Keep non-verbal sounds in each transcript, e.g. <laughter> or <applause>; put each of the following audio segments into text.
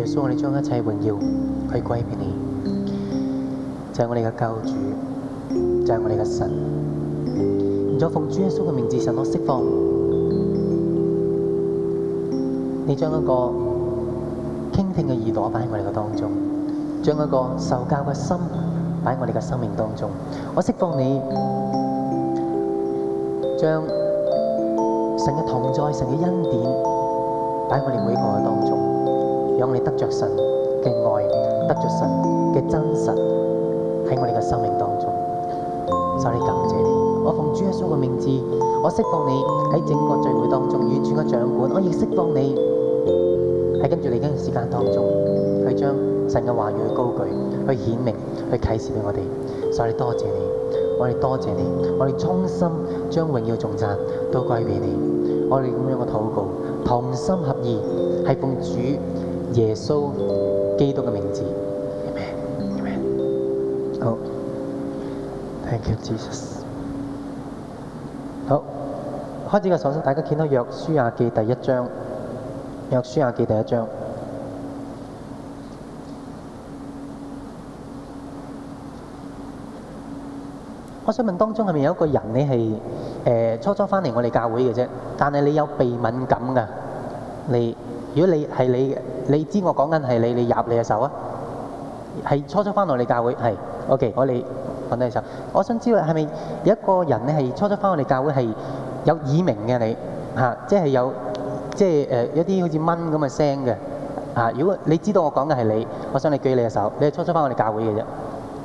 耶穌，我哋將一切榮耀佢歸俾你，就係我哋嘅救主，就係我哋嘅神。我奉主耶穌嘅名字，神我釋放你，將一個傾聽嘅耳朵擺喺我哋嘅當中，將一個受教嘅心擺喺我哋嘅生命當中。我釋放你，將神嘅同在、神嘅恩典擺喺我哋每一個嘅當中。讓你得着神嘅愛，得着神嘅真實喺我哋嘅生命當中。所以感謝你，我奉主耶穌嘅名字，我釋放你喺整個聚會當中，完全嘅掌管。我亦釋放你喺跟住嚟嘅時間當中，去將神嘅話語嘅高舉，去顯明，去啟示俾我哋。所以多謝你，我哋多謝你，我哋衷心將榮耀頌讚都歸俾你。我哋咁樣嘅禱告，同心合意，係奉主。耶穌基督嘅名字，阿門，阿門。好，Thank you Jesus。好，開始嘅時候，大家見到約書亞記第一章，約書亞記第一章。我想問當中係咪有一個人你係誒初初翻嚟我哋教會嘅啫，但係你有鼻敏感噶，你？如果你係你嘅，你知我講緊係你，你入你嘅手啊！係初初翻到你教會，係 OK，我你揾你嘅手。我想知道係咪有一個人你係初初翻到你教會係有耳鳴嘅你嚇？即係有即係誒一啲好似蚊咁嘅聲嘅嚇。如果你知道我講嘅係你，我想你舉你嘅手。你係初初翻到你教會嘅啫，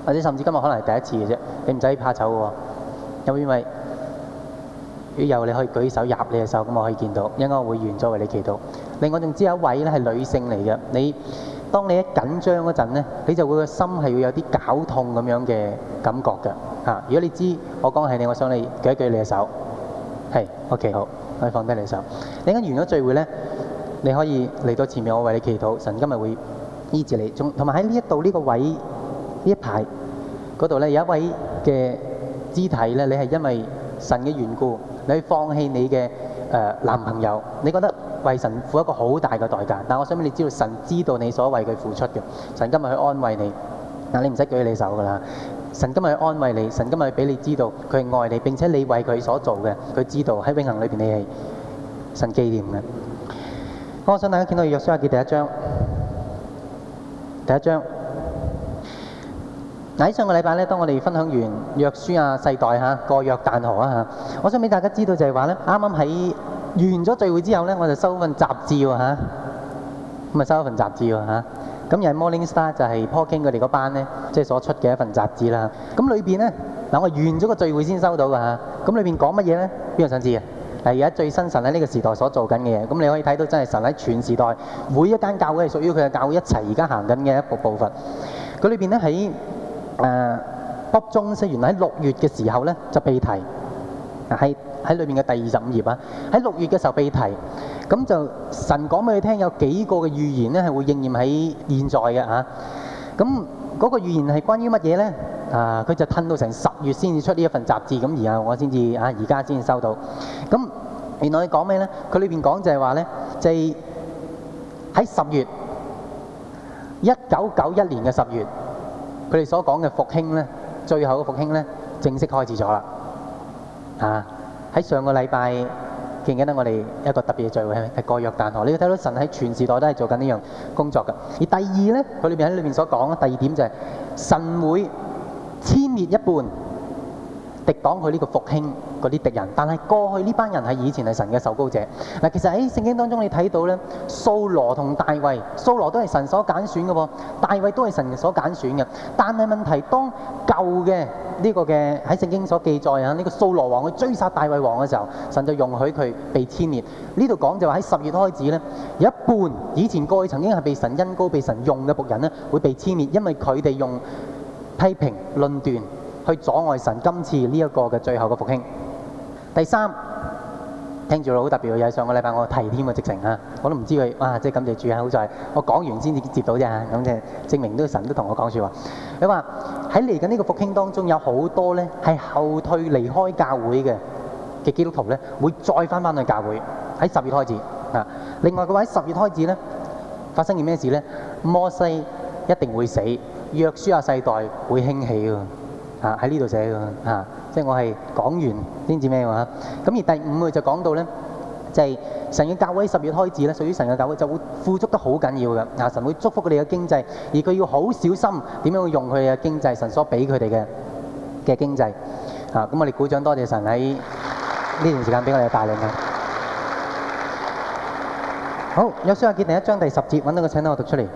或者甚至今日可能係第一次嘅啫，你唔使怕醜嘅喎。有冇因為由你可以舉手入你嘅手，咁我可以見到，因為我會員在為你祈禱。另外仲知有一位咧係女性嚟嘅。你當你一緊張嗰陣咧，你就會個心係會有啲攪痛咁樣嘅感覺嘅嚇。如果你知我講係你，我想你舉一舉你嘅手，係，OK，好，可以放低你嘅手。你啱完咗聚會咧，你可以嚟到前面，我為你祈禱，神今日會醫治你。仲同埋喺呢一度呢個位呢一排嗰度咧，有一位嘅肢體咧，你係因為神嘅緣故，你放棄你嘅誒男朋友，你覺得，為神付一個好大嘅代價，但我想俾你知道，神知道你所為佢付出嘅，神今日去安慰你，嗱你唔使舉你手噶啦，神今日去安慰你，神今日俾你知道佢係愛你，並且你為佢所做嘅，佢知道喺永恆裏邊你係神紀念嘅。我想大家見到約書亞記第一章，第一章，喺上個禮拜呢，當我哋分享完約書亞世代吓過約旦河啊吓，我想俾大家知道就係話呢，啱啱喺。完咗聚會之後咧，我就收份雜誌喎嚇，咁啊，收咗份雜誌喎嚇，咁又係 Morning Star 就係 Paul King 佢哋嗰班咧，即係所出嘅一份雜誌啦。咁裏邊咧，嗱我完咗個聚會先收到㗎嚇。咁裏邊講乜嘢咧？邊個想知啊？係而家最新神喺呢個時代所做緊嘅嘢。咁你可以睇到真係神喺全時代每一間教會係屬於佢嘅教會一齊而家行緊嘅一個步伐。佢裏邊咧，喺誒北中，即原來喺六月嘅時候咧就被提。係喺裏面嘅第二十五頁啊！喺六月嘅時候被提，咁就神講俾佢聽，有幾個嘅預言咧係會應驗喺現在嘅嚇。咁嗰個預言係關於乜嘢咧？啊，佢就褪到成十月先至出呢一份雜誌，咁而家我先至啊，而家先收到。咁原來你講咩咧？佢裏邊講就係話咧，就係喺十月一九九一年嘅十月，佢哋所講嘅復興咧，最後嘅復興咧，正式開始咗啦。啊！喺上個禮拜，記唔記得我哋一個特別嘅聚會係過約旦河，你要睇到神喺全時代都係做緊呢樣工作㗎。而第二呢，佢裏面喺裏面所講嘅，第二點就係、是、神會千年一半。抵擋佢呢個復興嗰啲敵人，但係過去呢班人係以前係神嘅受膏者。嗱，其實喺聖經當中你睇到咧，掃羅同大衛，掃羅都係神所揀選嘅喎，大衛都係神所揀選嘅。但係問題當舊嘅呢個嘅喺聖經所記載啊，呢個掃羅王去追殺大衛王嘅時候，神就容許佢被殲滅。呢度講就話喺十月開始咧，有一半以前過去曾經係被神恩膏、被神用嘅僕人咧，會被殲滅，因為佢哋用批評論斷。去阻礙神今次呢一個嘅最後嘅復興。第三，聽住好特別嘅嘢，上個禮拜我提添啊，直情啊，我都唔知佢。啊，即係感謝主啊，好在我講完先至接到啫、啊。咁即係證明呢個神都同我講說話。你話喺嚟緊呢個復興當中，有好多咧係後退離開教會嘅嘅基督徒咧，會再翻翻去教會喺十月開始啊。另外嘅話喺十月開始咧，發生件咩事咧？摩西一定會死，約書亞世代會興起啊。啊！喺呢度寫嘅，啊，即係我係講完先至知咩話。咁而第五啊就講到咧，就係神嘅教會十月開始咧，屬於神嘅教會就會富足得好緊要嘅。啊，神會祝福佢哋嘅經濟，而佢要好小心點樣用佢嘅經濟，神所俾佢哋嘅嘅經濟。啊，咁我哋鼓掌，多謝神喺呢段時間俾我哋嘅帶領啊。好，約書亞記第一章第十節，揾到個請，等我讀出嚟。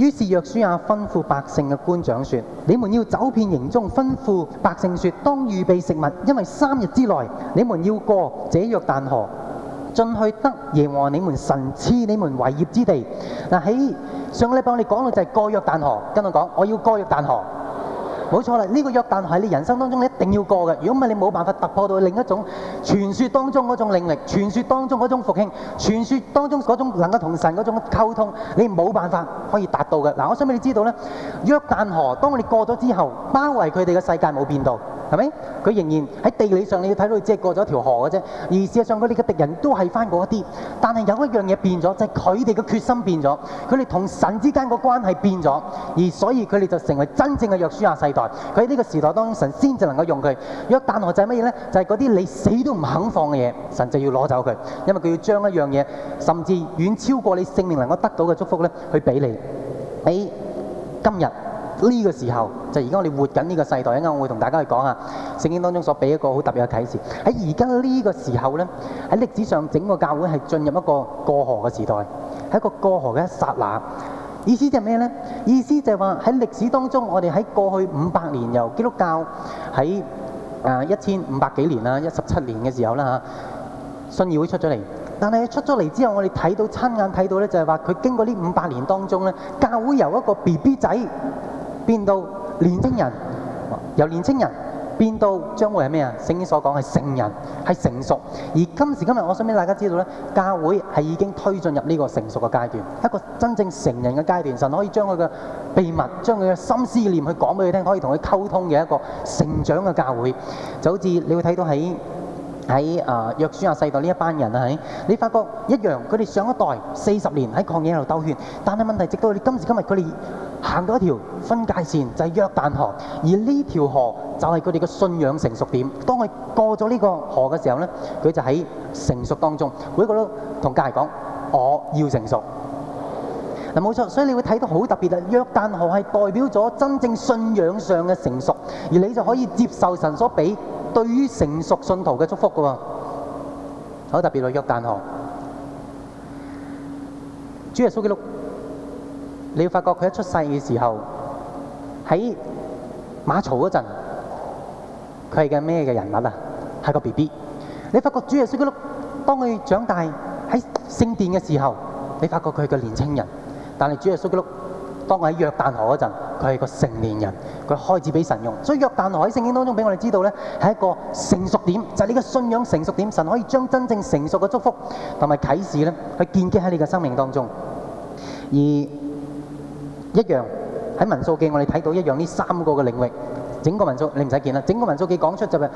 於是約書亞吩咐百姓嘅官長說：你們要走遍營中，吩咐百姓說：當預備食物，因為三日之內你們要過這約旦河。進去得耶和你們神賜你們為業之地。嗱、啊、喺上個禮拜我哋講到就係過約旦河，跟我講，我要過約旦河。冇錯啦，呢、這個約旦河係你人生當中一定要過嘅，如果唔係你冇辦法突破到另一種傳説當中嗰種靈力，傳説當中嗰種復興，傳説當中嗰種能夠同神嗰種溝通，你冇辦法可以達到嘅。嗱，我想俾你知道呢：約旦河當我哋過咗之後，包圍佢哋嘅世界冇變到。係咪？佢仍然喺地理上你要睇到佢只係過咗條河嘅啫。而事實上佢哋嘅敵人都係翻嗰一啲，但係有一樣嘢變咗，就係佢哋嘅決心變咗，佢哋同神之間個關係變咗，而所以佢哋就成為真正嘅約書亞世代。佢喺呢個時代當中，神才能夠用佢。約但河就係乜嘢呢？就係嗰啲你死都唔肯放嘅嘢，神就要攞走佢，因為佢要將一樣嘢，甚至遠超過你性命能夠得到嘅祝福去給你，你今日。呢個時候就而家我哋活緊呢個世代，陣間我會同大家去講下聖經當中所俾一個好特別嘅啟示喺而家呢個時候呢喺歷史上整個教會係進入一個過河嘅時代，係一個過河嘅一剎那。意思就係咩呢？意思就係話喺歷史當中，我哋喺過去五百年由基督教喺啊一千五百幾年啦，一十七年嘅時候啦嚇，信義會出咗嚟。但係出咗嚟之後，我哋睇到親眼睇到呢，就係話佢經過呢五百年當中呢，教會由一個 B B 仔。變到年輕人，由年輕人變到將會係咩啊？聖經所講係成人，係成熟。而今時今日，我想俾大家知道呢，教會係已經推進入呢個成熟嘅階段，一個真正成人嘅階段。神可以將佢嘅秘密、將佢嘅心思念去講俾佢聽，可以同佢溝通嘅一個成長嘅教會，就好似你會睇到喺。喺啊，約書亞世代呢一班人你發覺一樣，佢哋上一代四十年喺曠野度兜圈，但係問題直到你今時今日，佢哋行到一條分界線，就係、是、約旦河，而呢條河就係佢哋嘅信仰成熟點。當佢過咗呢個河嘅時候呢，佢就喺成熟當中，每一個都同家人講，我要成熟。冇錯，所以你會睇到好特別。約旦河係代表咗真正信仰上嘅成熟，而你就可以接受神所畀對於成熟信徒嘅祝福嘅喎。好特別。約旦河，主耶穌基督，你會發覺佢一出世嘅時候喺馬槽嗰陣，佢係個咩嘅人物啊？係個 BB。你發覺主耶穌基督當佢長大喺聖殿嘅時候，你發覺佢係個年輕人。但係主耶穌基督，當佢喺約旦河嗰陣，佢係個成年人，佢開始俾神用。所以約旦河喺聖經當中俾我哋知道咧，係一個成熟點，就係你嘅信仰成熟點，神可以將真正成熟嘅祝福同埋啟示咧，去建基喺你嘅生命當中。而一樣喺民數記，我哋睇到一樣呢三個嘅領域，整個民數你唔使見啦，整個民數記講出就係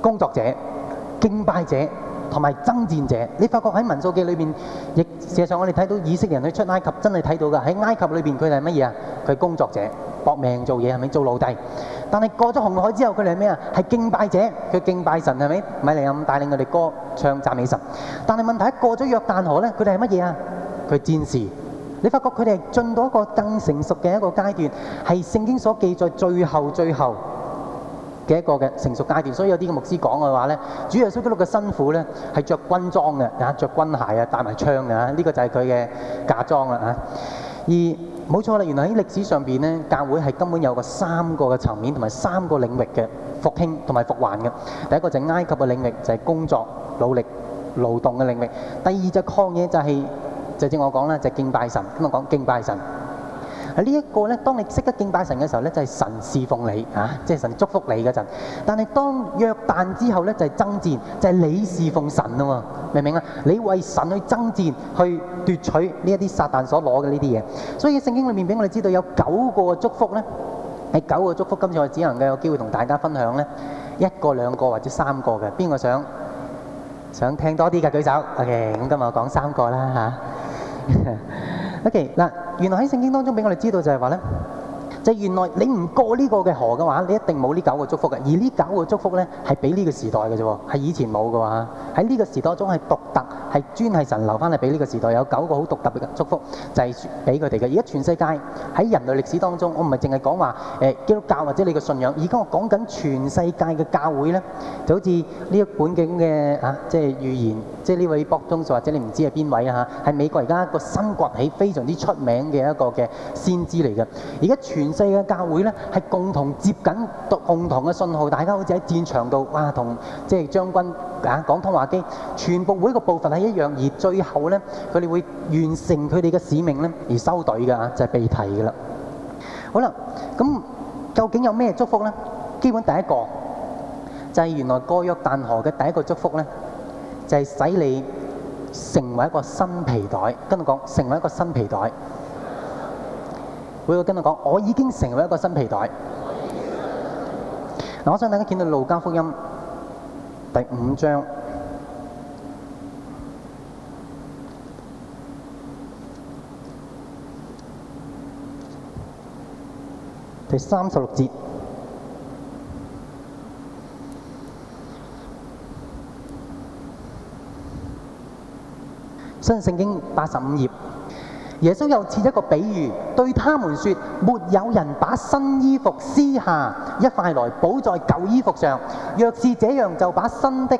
工作者、敬拜者。同埋爭戰者，你發覺喺民數記裏邊，亦事實上我哋睇到以色列人去出埃及，真係睇到噶。喺埃及裏邊，佢哋係乜嘢啊？佢工作者，搏命做嘢係咪？做奴隸。但係過咗紅海之後，佢哋係咩啊？係敬拜者，佢敬拜神係咪？米利暗帶領佢哋歌唱讚美神。但係問題過咗約旦河咧，佢哋係乜嘢啊？佢戰士。你發覺佢哋係進到一個更成熟嘅一個階段，係聖經所記載最後最後嘅一個嘅成熟階段，所以有啲嘅牧師講嘅話咧，主耶穌基督嘅新婦咧係着軍裝嘅啊，著軍鞋啊，帶埋槍嘅啊，呢、這個就係佢嘅嫁妝啦啊。而冇錯啦，原來喺歷史上邊咧，教會係根本有個三個嘅層面同埋三個領域嘅復興同埋復還嘅。第一個就係埃及嘅領域，就係、是、工作、努力、勞動嘅領域。第二隻抗嘢就係，就是、正如我講啦，就是、敬拜神。噉我講敬拜神。喺、這個、呢一個咧，當你識得敬拜神嘅時候咧，就係、是、神侍奉你啊，即、就、係、是、神祝福你嗰陣。但係當約旦之後咧，就係、是、爭戰，就係、是、你侍奉神啊嘛，明唔明啊？你為神去爭戰，去奪取呢一啲撒旦所攞嘅呢啲嘢。所以聖經裏面俾我哋知道有九個祝福咧，喺九個祝福。今次我只能夠有機會同大家分享咧，一個、兩個或者三個嘅。邊個想想聽多啲嘅舉手？OK，咁今日我講三個啦嚇。啊 <laughs> OK 嗱，原來喺聖經當中俾我哋知道就係話咧，就係、是、原來你唔過呢個嘅河嘅話，你一定冇呢九個祝福嘅。而呢九個祝福咧，係俾呢個時代嘅啫喎，係以前冇嘅話。喺呢個時代中係獨特，係專係神留翻嚟俾呢個時代有九個好獨特嘅祝福就是他們的，就係俾佢哋嘅。而家全世界喺人類歷史當中，我唔係淨係講話誒基督教或者你嘅信仰，而家我講緊全世界嘅教會咧，就好似呢一本經嘅啊，即係預言。即係呢位博中，或者你唔知係邊位啊？嚇，係美國而家一個新崛起非常之出名嘅一個嘅先知嚟嘅。而家全世界嘅教會咧係共同接緊共同嘅信號，大家好似喺戰場度，哇、啊，同即係將軍啊講通話機。全部會個部分係一樣，而最後咧佢哋會完成佢哋嘅使命咧而收隊㗎、啊，就係、是、被提㗎啦。好啦，咁、嗯、究竟有咩祝福咧？基本第一個就係、是、原來過約旦河嘅第一個祝福咧。就係、是、使你成為一個新皮袋，跟我講成為一個新皮袋。每個跟我講，我已經成為一個新皮袋。我想大家見到《路加福音》第五章第三十六節。新聖經八十五頁，耶穌又設一個比喻，對他們說：沒有人把新衣服撕下一塊來補在舊衣服上，若是這樣，就把新的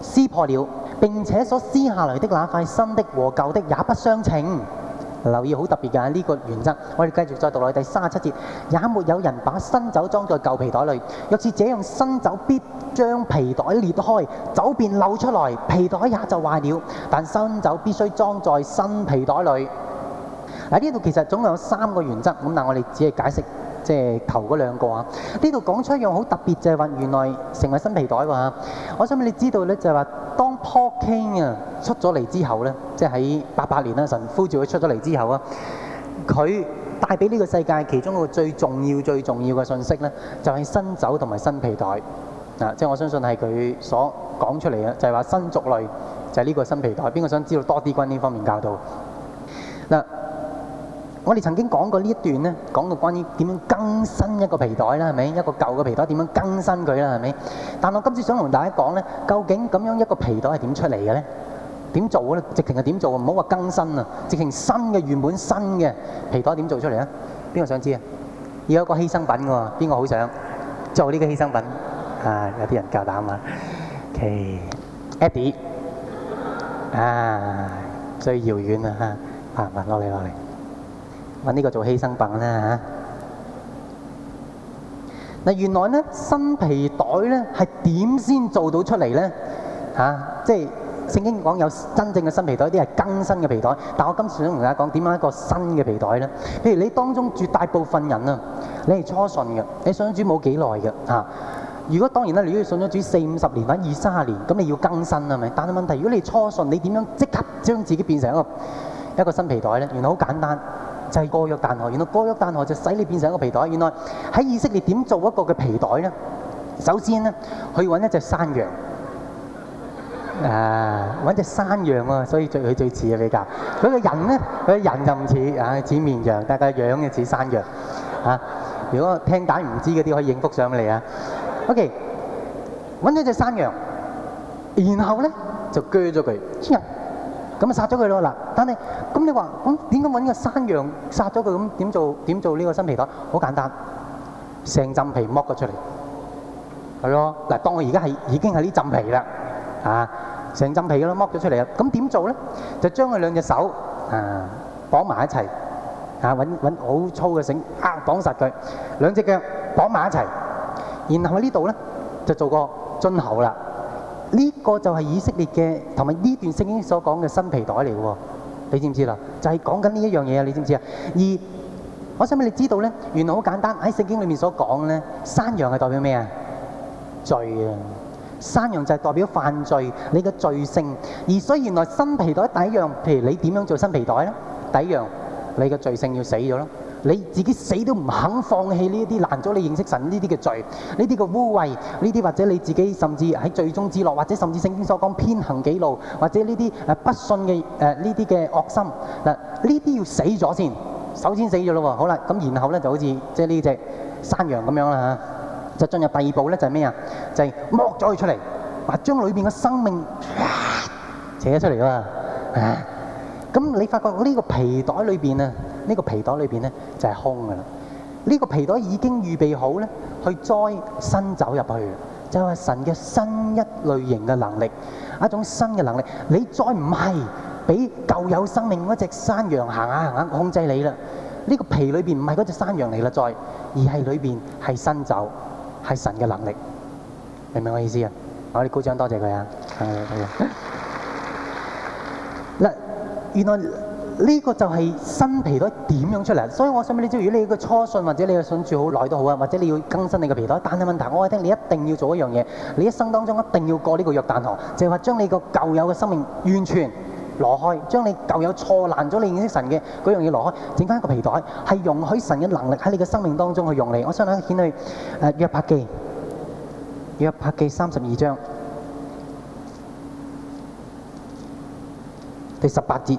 撕破了，並且所撕下來的那塊新的和舊的也不相稱。留意好特別㗎呢個原則，我哋繼續再讀落第三十七節，也沒有人把新酒裝在舊皮袋裏，若是這樣，新酒必將皮袋裂開，酒便漏出來，皮袋也就壞了。但新酒必須裝在新皮袋裏。喺呢度其實總共有三個原則，咁我哋只係解釋。即係頭嗰兩個啊！呢度講出一樣好特別就係話，原來成為新皮袋喎嚇。我想問你知道咧，就係話當 Paul King 啊出咗嚟之後咧，即係喺八八年啦，神呼召佢出咗嚟之後啊，佢帶俾呢個世界其中一個最重要、最重要嘅信息咧，就係新酒同埋新皮袋啊！即係我相信係佢所講出嚟嘅，就係話新族類就係呢個新皮袋。邊個想知道多啲關於呢方面教導？嗱。我哋曾經講過呢一段呢，講到關於點樣更新一個皮袋啦，係咪一個舊嘅皮袋點樣更新佢啦，係咪？但係我今次想同大家講呢，究竟咁樣一個皮袋係點出嚟嘅呢？點做呢？直情係點做啊？唔好話更新啊，直情新嘅原本新嘅皮袋點做出嚟啊？邊個想知啊？要有個犧牲品㗎喎，邊個好想做呢個犧牲品啊？有啲人夠膽嘛？OK，Eddie，啊，最遙遠啊嚇，啊，落嚟落嚟。揾呢個做犧牲品啦嚇。嗱，原來咧新皮袋咧係點先做到出嚟咧嚇？即係聖經講有真正嘅新皮袋，啲係更新嘅皮袋。但我今次想同大家講點樣一個新嘅皮袋咧？譬如你當中絕大部分人啊，你係初信嘅，你信咗主冇幾耐嘅嚇。如果當然啦，如果你信咗主四五十年或者二三十年，咁你要更新啊咪？但係問題，如果你初信，你點樣即刻將自己變成一個一個新皮袋咧？原來好簡單。就係過約旦河，原來過約旦河就使你變成一個皮袋。原來喺以色列點做一個嘅皮袋咧？首先咧，去揾一隻山羊，啊，揾隻山羊啊，所以最佢最似啊比較。佢個人咧，佢個人就唔似啊，似綿羊，但係個樣嘅似山羊啊。如果聽緊唔知嗰啲可以應覆上嚟啊。OK，揾咗隻山羊，然後咧就鋸咗佢。咁咪殺咗佢咯嗱，但係咁你話咁點咁揾個山羊殺咗佢咁點做點做呢個新皮袋？好簡單，成浸皮剝咗出嚟，係咯嗱，當我而家係已經係呢浸皮啦，啊，成浸皮都剝咗出嚟啦，咁點做咧？就將佢兩隻手啊綁埋一齊，啊，揾揾好粗嘅繩啊綁實佢，兩隻腳綁埋一齊，然後喺呢度咧就做個樽口啦。呢個就係以色列嘅，同埋呢段聖經所講嘅新皮袋嚟嘅喎，你知唔知啦？就係講緊呢一樣嘢啊！你知唔知啊？而我希望你知道我想畀你知道咧，原來好簡單喺聖經裏面所講咧，山羊係代表咩啊？罪啊！山羊就係代表犯罪，你嘅罪性。而所以原來新皮袋第一樣，譬如你點樣做新皮袋咧？第一樣，你嘅罪性要死咗啦。你自己死都唔肯放棄呢啲攔咗你認識神呢啲嘅罪，呢啲嘅污穢，呢啲或者你自己甚至喺罪中之樂，或者甚至聖經所講偏行己路，或者呢啲不信嘅呢啲嘅惡心嗱，呢啲要死咗先，首先死咗咯喎，好啦，咁然後咧就好似即係呢隻山羊咁樣啦嚇，就進入第二步咧就係咩啊？就剝咗佢出嚟，將裏面嘅生命扯出嚟啊！咁你發覺呢個皮袋裏面。啊？呢、這個皮袋裏面呢，就係空嘅啦。呢、這個皮袋已經預備好呢，去栽新酒入去的就係、是、神嘅新一類型嘅能力，一種新嘅能力。你再唔係俾舊有生命嗰隻山羊行行控制你啦。呢、這個皮裏邊唔係嗰隻山羊嚟啦再，而係裏邊係新酒，係神嘅能力。明唔明我意思啊？我哋鼓掌多謝佢啊！ <laughs> 原來呢個就係新皮袋點樣出嚟？所以我想俾你知道，如果你個初信或者你個信住久好耐都好啊，或者你要更新你個皮袋，但係問題我話聽，你一定要做一樣嘢，你一生當中一定要過呢個約旦河，就係話將你個舊有嘅生命完全攞開，將你舊有錯亂咗你認識神嘅嗰樣嘢攞開，整翻一個皮袋，係容許神嘅能力喺你嘅生命當中去用嚟。我想睇下顯去誒約伯記，約伯記三十二章第十八節。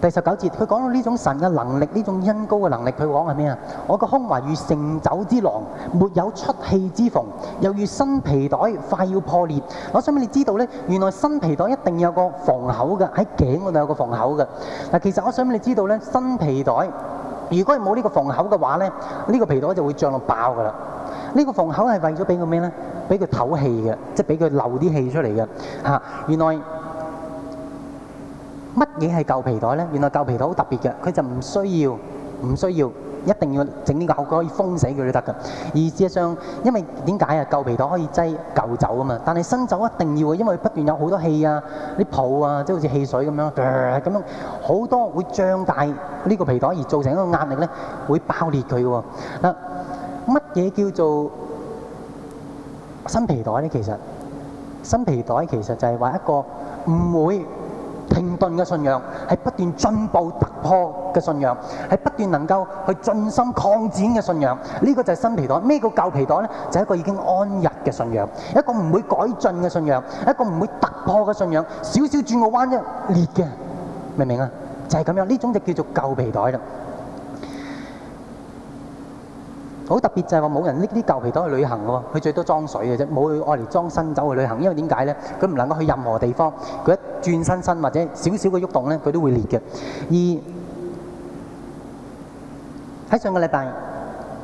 第十九節，佢講到呢種神嘅能力，呢種恩膏嘅能力，佢講係咩啊？我個胸懷如盛酒之囊，沒有出氣之縫，又如新皮袋快要破裂。我想俾你知道咧，原來新皮袋一定有個縫口嘅，喺頸嗰度有個縫口嘅。嗱，其實我想俾你知道咧，新皮袋如果係冇呢個縫口嘅話咧，呢、這個皮袋就會脹到爆噶啦。這個、是呢個縫口係為咗俾個咩咧？俾佢透氣嘅，即係俾佢漏啲氣出嚟嘅。嚇，原來。乜嘢係舊皮袋咧？原來舊皮袋好特別嘅，佢就唔需要，唔需要一定要整呢個口可以封死佢都得嘅。而事實上，因為點解啊？舊皮袋可以擠舊酒啊嘛，但係新酒一定要嘅，因為不斷有好多氣啊、啲泡啊，即係好似汽水咁樣，咁樣好多會脹大呢個皮袋而造成一個壓力咧，會爆裂佢喎。嗱，乜嘢叫做新皮袋咧？其實新皮袋其實就係話一個唔會。停頓嘅信仰係不斷進步突破嘅信仰，係不斷能夠去進心擴展嘅信仰。呢、這個就係新皮袋。咩叫舊皮袋呢？就係、是、一個已經安逸嘅信仰，一個唔會改進嘅信仰，一個唔會突破嘅信仰。少少轉個彎一裂嘅，明唔明啊？就係、是、咁樣，呢種就叫做舊皮袋啦。好特別就係話冇人拎啲舊皮袋去旅行嘅喎，佢最多裝水嘅啫，冇去愛嚟裝新酒去旅行。因為點解咧？佢唔能夠去任何地方，佢一轉身身或者少少嘅喐動咧，佢都會裂嘅。而喺上個禮拜。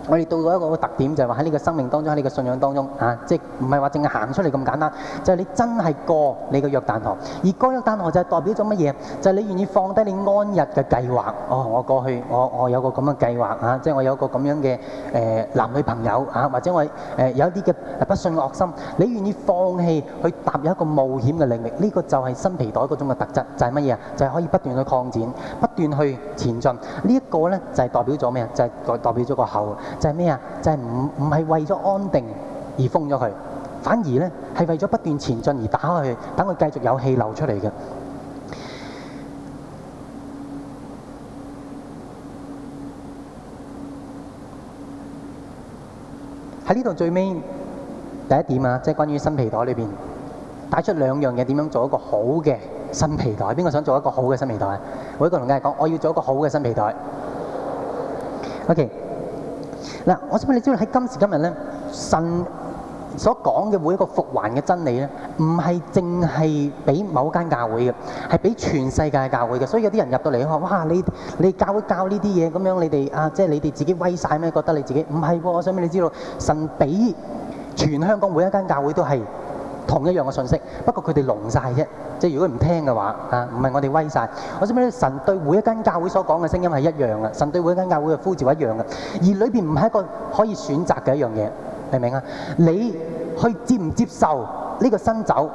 我哋到咗一個個特點，就係話喺你嘅生命當中，喺你嘅信仰當中啊，即係唔係話淨係行出嚟咁簡單，就係、是、你真係過你嘅約旦河。而過約旦河就係代表咗乜嘢？就係、是、你願意放低你安逸嘅計劃。哦，我過去我我有個咁嘅計劃啊，即我有個咁樣嘅、呃、男女朋友啊，或者我有一啲嘅不信惡心，你願意放棄去踏入一個冒險嘅領域？呢、這個就係新皮袋嗰種嘅特質，就係乜嘢？就係、是、可以不斷去擴展，不斷去前進。呢、這、一個呢，就係、是、代表咗咩麼？就係、是、代代表咗個後。就係咩啊？就係唔係為咗安定而封咗佢，反而呢係為咗不斷前進而打開佢，等佢繼續有氣流出嚟嘅。喺呢度最尾第一點啊，即、就、關、是、關於新皮袋裏面，帶出兩樣嘢，點樣做一個好嘅新皮袋？邊個想做一個好嘅新皮袋？我一個同大家講，我要做一個好嘅新皮袋。OK。我想俾你知道喺今時今日呢神所講嘅每一個復還嘅真理咧，唔係淨係俾某間教會嘅，係俾全世界嘅教會嘅。所以有啲人入到嚟，話：哇，你你教會教呢啲嘢咁樣你哋，你哋啊，即係你哋自己威晒咩？覺得你自己唔係喎。我想俾你知道，神俾全香港每一間教會都係。同一樣嘅信息，不過佢哋聾曬啫。即如果唔聽嘅話，啊，唔係我哋威曬。我想知唔知神對每一間教會所講嘅聲音係一樣嘅，神對每一間教會嘅呼召係一樣嘅，而裏面唔係一個可以選擇嘅一樣嘢，明唔明啊？你去接唔接受呢個新酒？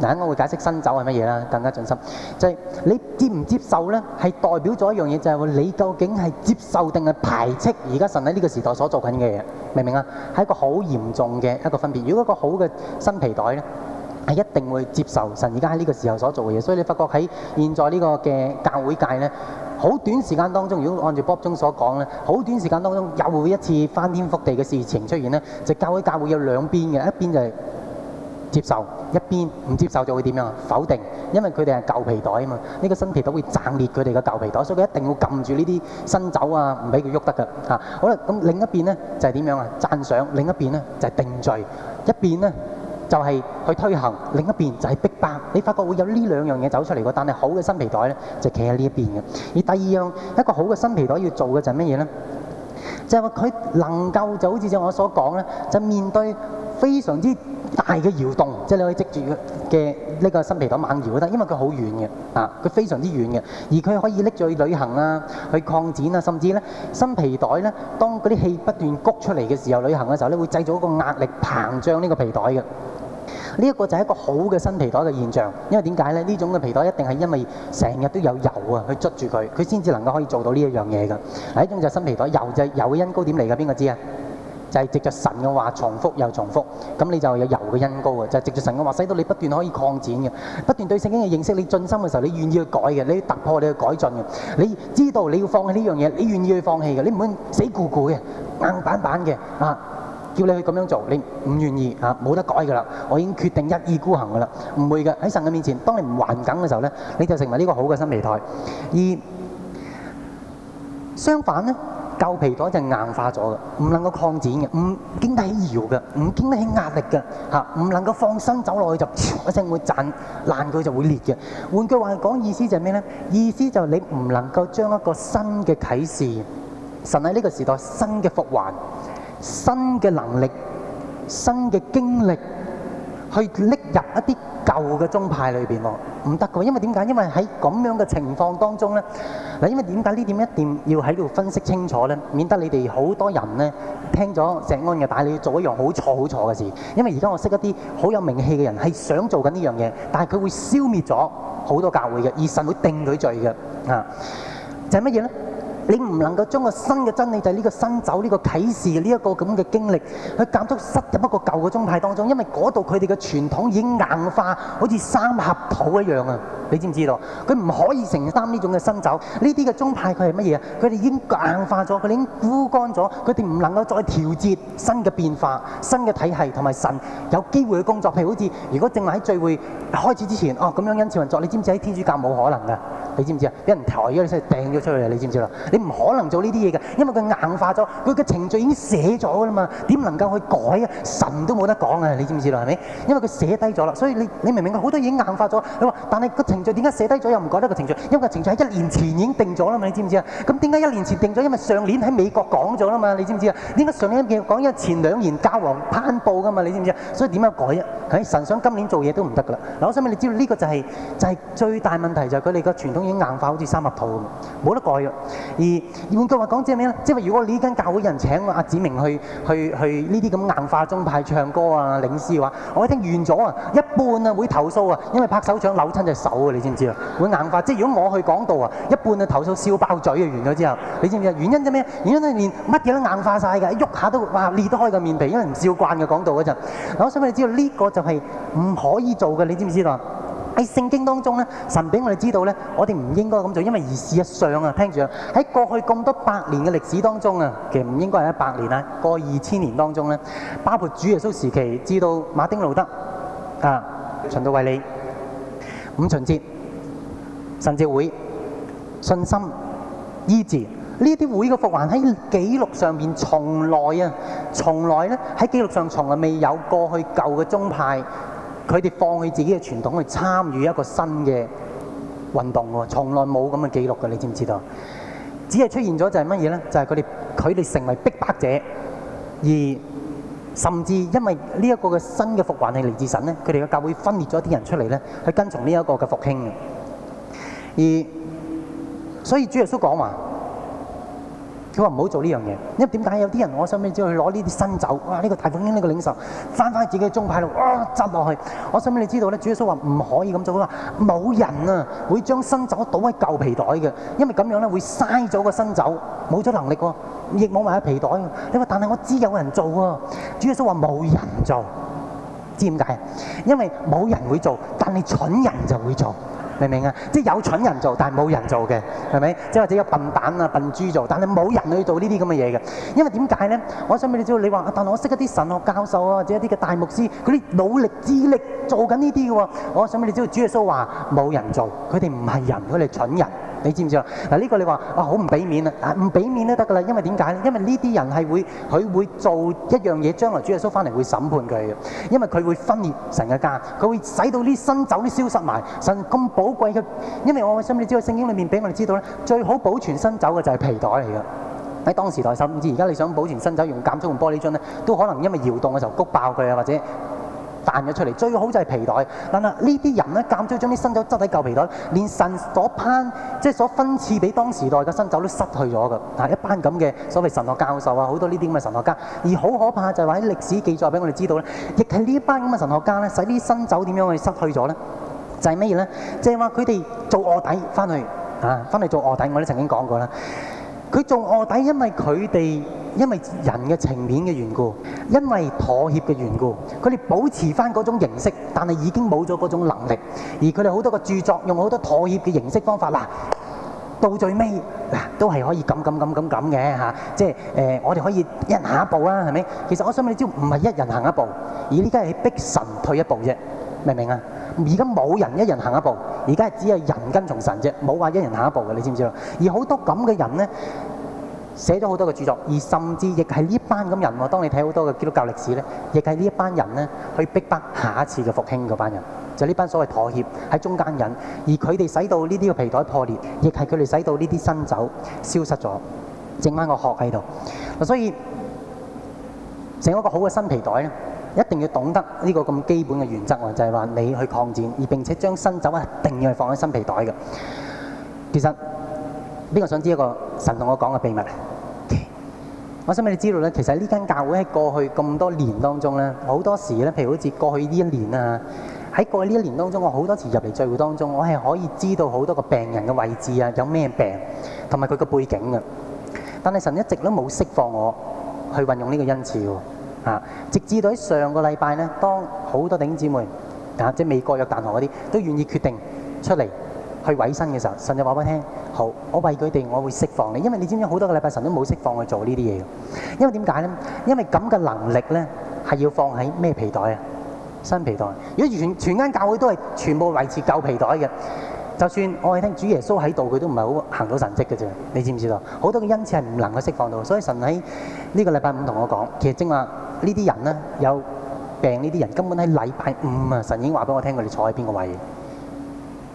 嗱，我會解釋新酒係乜嘢啦，更加盡心。就係、是、你接唔接受呢？係代表咗一樣嘢，就係、是、你究竟係接受定係排斥而家神喺呢個時代所做緊嘅嘢，明唔明啊？係一個好嚴重嘅一個分別。如果一個好嘅新皮袋呢，係一定會接受神而家喺呢個時候所做嘅嘢。所以你發覺喺現在呢個嘅教會界呢，好短時間當中，如果按照 Bob 中所講呢，好短時間當中又會一次翻天覆地嘅事情出現呢，就是、教會教會有兩邊嘅，一邊就係、是。接受，一邊唔接受，就會點樣，否定，因為佢哋係舊皮袋嘛。呢個新皮袋會炸裂佢哋嘅舊皮袋，所以佢一定要撳住呢啲新酒啊，唔俾佢喐得㗎。好啦，咁另一邊呢，就係點樣啊？讚賞，另一邊呢，就係定罪，一邊呢，就係去推行，另一邊就係逼迫。你發覺會有呢兩樣嘢走出嚟，但係好嘅新皮袋呢，就企喺呢一邊嘅。而第二樣一個好嘅新皮袋要做嘅就係乜嘢咧？就係佢能夠就好似像我所講呢，就面對非常之大嘅搖動，即、就是、你可以藉住的嘅呢個新皮袋猛搖都得，因為佢好軟嘅，啊，佢非常之軟嘅，而佢可以拎住去旅行啊，去擴展啊，甚至呢，新皮袋呢，當嗰啲氣不斷焗出嚟嘅時候，旅行嘅時候呢，會製造一個壓力膨脹呢個皮袋嘅。呢、一個就係一個好嘅新皮袋嘅現象，因為點解呢？呢種嘅皮袋一定係因為成日都有油啊，去捽住佢，佢先至能夠可以做到呢一樣嘢嘅。嗱，一種就係新皮袋，油就係油嘅因高點嚟嘅，邊個知啊？就係藉著神嘅話，重複又重複，咁你就有油嘅恩膏啊！就係藉著神嘅話，使到你不斷可以擴展嘅，不斷對聖經嘅認識。你進深嘅時候，你願意去改嘅，你要突破，你去改進嘅。你知道你要放棄呢樣嘢，你願意去放棄嘅，你唔好死固固嘅，硬板板嘅啊！叫你去咁樣做，你唔願意啊，冇得改㗎喇！我已經決定一意孤行㗎喇，唔會嘅。喺神嘅面前，當你唔頑梗嘅時候咧，你就成為呢個好嘅心理台。而相反咧。舊皮袋就硬化咗嘅，唔能夠擴展嘅，唔經得起搖嘅，唔經得起壓力嘅，嚇，唔能夠放心走落去，就一聲會震爛佢，就會裂嘅。換句話講，意思就係咩呢？意思就係你唔能夠將一個新嘅啟示、神喺呢個時代新嘅復還、新嘅能力、新嘅經歷。去拎入一啲舊嘅宗派裏邊喎，唔得嘅，因為點解？因為喺咁樣嘅情況當中咧，嗱，因為點解呢點一定要喺度分析清楚咧，免得你哋好多人咧聽咗石安嘅帶，你做一樣好錯好錯嘅事。因為而家我識一啲好有名氣嘅人係想做緊呢樣嘢，但係佢會消滅咗好多教會嘅，而神會定佢罪嘅。啊，就係乜嘢咧？你唔能夠將個新嘅真理就係呢個新酒呢個啟示呢一個咁嘅經歷，去監督塞入一個舊嘅宗派當中，因為嗰度佢哋嘅傳統已經硬化，好似三合土一樣啊！你知唔知道？佢唔可以承擔呢種嘅新酒。呢啲嘅宗派佢係乜嘢啊？佢哋已經硬化咗，佢哋已經枯乾咗，佢哋唔能夠再調節新嘅變化、新嘅體系同埋神有機會嘅工作。譬如好似如果淨係喺聚會開始之前，哦咁樣恩慈運作，你知唔知喺天主教冇可能嘅？你知唔知啊？有人抬咗，你真係掟咗出去啊！你知唔知啊？唔可能做呢啲嘢嘅，因為佢硬化咗，佢嘅程序已經寫咗啦嘛，點能夠去改啊？神都冇得講啊！你知唔知咯？係咪？因為佢寫低咗啦，所以你你明唔明啊？好多已經硬化咗。你話，但係個程序點解寫低咗又唔改得個程序？因為個程序喺一年前已經定咗啦嘛，你知唔知啊？咁點解一年前定咗？因為上年喺美國講咗啦嘛，你知唔知啊？點解上年嘅講？因為前兩年教皇頒布噶嘛，你知唔知啊？所以點樣改啊？喺神想今年做嘢都唔得噶啦。嗱，我想問你知道呢個就係、是、就係、是、最大問題，就係佢哋個傳統已經硬化，好似三合套咁，冇得改啊。而換句話講，即係咩咧？即係如果你呢間教會有人請阿、啊、子明去去去呢啲咁硬化中派唱歌啊領詩嘅話，我一聽完咗啊，一半啊會投訴啊，因為拍手掌扭親隻手啊，你知唔知啊？會硬化。即、就、係、是、如果我去講道啊，一半啊投訴笑爆嘴啊，完咗之後，你知唔知啊？原因即係咩？原因係連乜嘢都硬化晒㗎，喐下都哇裂都開個面皮，因為唔笑慣嘅講道嗰陣。嗱，我想畀你知道呢、這個就係唔可以做嘅，你知唔知道？喺聖經當中咧，神俾我哋知道咧，我哋唔應該咁做，因為事實上啊，聽住啊，喺過去咁多百年嘅歷史當中啊，其實唔應該係一百年啊，過二千年當中咧，包括主耶穌時期，至到馬丁路德啊、循道衛理、五旬節、神召會、信心、醫治呢一啲會嘅復還喺記錄上面從來啊，從來咧喺記錄上從來未有過去舊嘅宗派。佢哋放棄自己嘅傳統去參與一個新嘅運動喎，從來冇咁嘅記錄嘅，你知唔知道？只係出現咗就係乜嘢咧？就係佢哋佢哋成為逼迫者，而甚至因為呢一個嘅新嘅復興係嚟自神咧，佢哋嘅教會分裂咗一啲人出嚟咧，去跟從呢一個嘅復興嘅。而所以主耶穌講話。佢話唔好做呢樣嘢，因為點解有啲人？我想問你知道，攞呢啲新酒，哇！呢、呢個大風英呢、呢個領袖返返自己嘅宗派度，哇！執落去。我想問你知道咧，主耶穌話唔可以咁做。佢話冇人啊，會將新酒倒喺舊皮袋嘅，因為咁樣咧會嘥咗個新酒，冇咗能力喎、啊，亦冇埋喺皮袋、啊。你話，但係我知有人做啊，主耶穌話冇人做，知點解？因為冇人會做，但係蠢人就會做。明唔明啊？即係有蠢人做，但係冇人做嘅，係咪？即係或者有笨蛋啊、笨豬做，但係冇人去做呢啲咁嘅嘢嘅。因為點解咧？我想俾你知道，你話但係我識一啲神學教授啊，或者一啲嘅大牧師，佢哋努力、致力做緊呢啲嘅喎。我想俾你知道，主耶穌話冇人做，佢哋唔係人，佢哋蠢人。你知唔知、這個、啊？嗱呢個你話啊好唔俾面啊，唔俾面都得噶啦，因為點解咧？因為呢啲人係會佢會做一樣嘢，將來主耶穌翻嚟會審判佢嘅，因為佢會分裂神嘅家，佢會使到啲新酒都消失埋。甚至咁寶貴嘅，因為我喺心裏知道聖經裏面俾我哋知道咧，最好保存新酒嘅就係皮袋嚟嘅。喺當時代甚至而家你想保存新酒用金樽用玻璃樽咧，都可能因為搖動嘅時候谷爆佢啊，或者。彈咗出嚟，最好就係皮袋。但係，呢啲人咧，間中將啲新酒擠喺舊皮袋，連神所攀，即係所分賜俾當時代嘅新酒都失去咗㗎。嗱，一班咁嘅所謂神學教授啊，好多呢啲咁嘅神學家，而好可怕就係話喺歷史記載俾我哋知道咧，亦係呢班咁嘅神學家咧，使啲新酒點樣去失去咗咧？就係咩嘢咧？就係話佢哋做臥底翻去啊，翻嚟做臥底。我哋曾經講過啦，佢做臥底，因為佢哋。因為人嘅情面嘅緣故，因為妥協嘅緣故，佢哋保持翻嗰種形式，但係已經冇咗嗰種能力。而佢哋好多個著作用好多妥協嘅形式方法嗱，到最尾嗱都係可以咁咁咁咁咁嘅嚇，即係誒、呃、我哋可以一人行一步啦，係咪？其實我想問你知唔係一人行一步，而呢家係逼神退一步啫，明唔明啊？而家冇人一人行一步，而家係只係人跟從神啫，冇話一人行一步嘅，你知唔知啊？而好多咁嘅人咧。寫咗好多嘅著作，而甚至亦係呢一班咁人喎。當你睇好多嘅基督教歷史咧，亦係呢一班人咧去逼迫下一次嘅復興嗰班人，就係呢班所謂妥協喺中間人，而佢哋使到呢啲嘅皮袋破裂，亦係佢哋使到呢啲新酒消失咗，剩翻個殼喺度。嗱，所以整一個好嘅新皮袋咧，一定要懂得呢個咁基本嘅原則喎，就係話你去抗戰，而並且將新酒一定要放喺新皮袋嘅。其實。邊個想知道一個神同我講嘅秘密？Okay. 我想俾你知道咧，其實呢間教會喺過去咁多年當中咧，好多時咧，譬如好似過去呢一年啊，喺過去呢一年當中，我好多時入嚟聚會當中，我係可以知道好多個病人嘅位置啊，有咩病同埋佢嘅背景嘅。但係神一直都冇釋放我去運用呢個恩賜喎，啊，直至到喺上個禮拜咧，當好多弟兄姊妹啊，即係美國約旦河嗰啲都願意決定出嚟。去委身嘅時候，神就話俾我聽：好，我為佢哋，我會釋放你，因為你知唔知好多個禮拜神都冇釋放去做呢啲嘢嘅。因為點解呢？因為咁嘅能力呢，係要放喺咩皮袋啊？新皮袋。如果完全全間教會都係全部維持舊皮袋嘅，就算我哋聽主耶穌喺度，佢都唔係好行到神跡嘅啫。你知唔知道嗎？好多嘅恩賜係唔能夠釋放到，所以神喺呢個禮拜五同我講，其實正話呢啲人呢，有病的人，呢啲人根本喺禮拜五啊，神已經話俾我聽佢哋坐喺邊個位。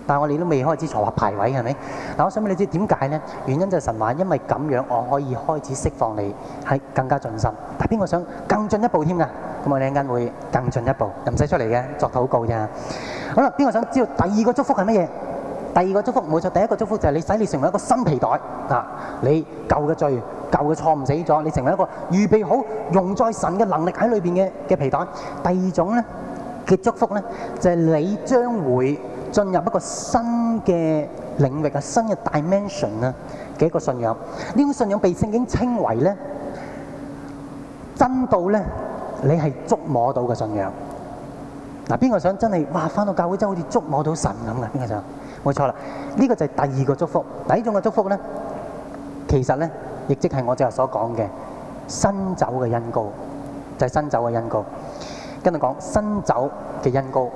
但係我哋都未開始坐排位，係咪？但係我想畀你知點解咧？原因就係神話，因為咁樣我可以開始釋放你，係更加盡心。但係邊個想更進一步添㗎？咁我哋陣間會更進一步，又唔使出嚟嘅作禱告啫。好啦，邊個想知道第二個祝福係乜嘢？第二個祝福冇錯，第一個祝福就係你使你成為一個新皮袋啊！你舊嘅罪、舊嘅錯誤死咗，你成為一個預備好容載神嘅能力喺裏邊嘅嘅皮袋。第二種咧嘅祝福咧，就係你將會，進入一個新嘅領域啊，新嘅 dimension 啊嘅一個信仰，呢種信仰被聖經稱為咧真道咧，你係觸摸到嘅信仰。嗱，邊個想真係哇？翻到教會真係好似觸摸到神咁嘅？邊個想？冇錯啦，呢個就係第二個祝福。嗱，第一種嘅祝福咧，其實咧，亦即係我最後所講嘅新酒嘅恩膏，就係新酒嘅恩膏。跟你講新酒嘅恩膏。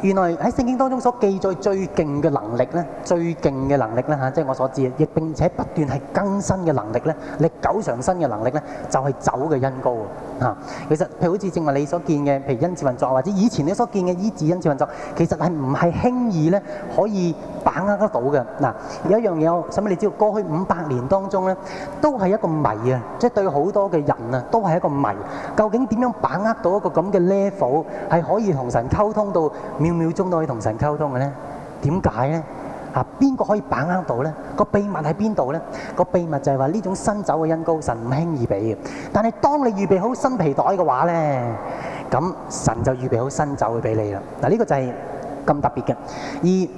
原來喺聖經當中所記載最勁嘅能力呢，最勁嘅能力呢，嚇、啊，即係我所知啊，亦並且不斷係更新嘅能力呢。歷久常新嘅能力呢，就係、是、走嘅恩膏啊！嚇，其實譬如好似正話你所見嘅，譬如恩賜運作，或者以前你所見嘅醫治恩賜運作，其實係唔係輕易呢？可以把握得到嘅嗱、啊？有一樣嘢，我想畀你知道，過去五百年當中呢，都係一個謎啊！即係對好多嘅人啊，都係一個謎。究竟點樣把握到一個咁嘅 level，係可以同神溝通到？秒秒鐘都可以同神溝通嘅咧，點解呢？啊，邊個可以把握到呢？個秘密喺邊度呢？個秘密就係話，呢種新酒嘅恩膏神唔輕易俾嘅。但係當你預備好新皮袋嘅話呢，咁神就預備好新酒去俾你啦。嗱、啊，呢、這個就係咁特別嘅。而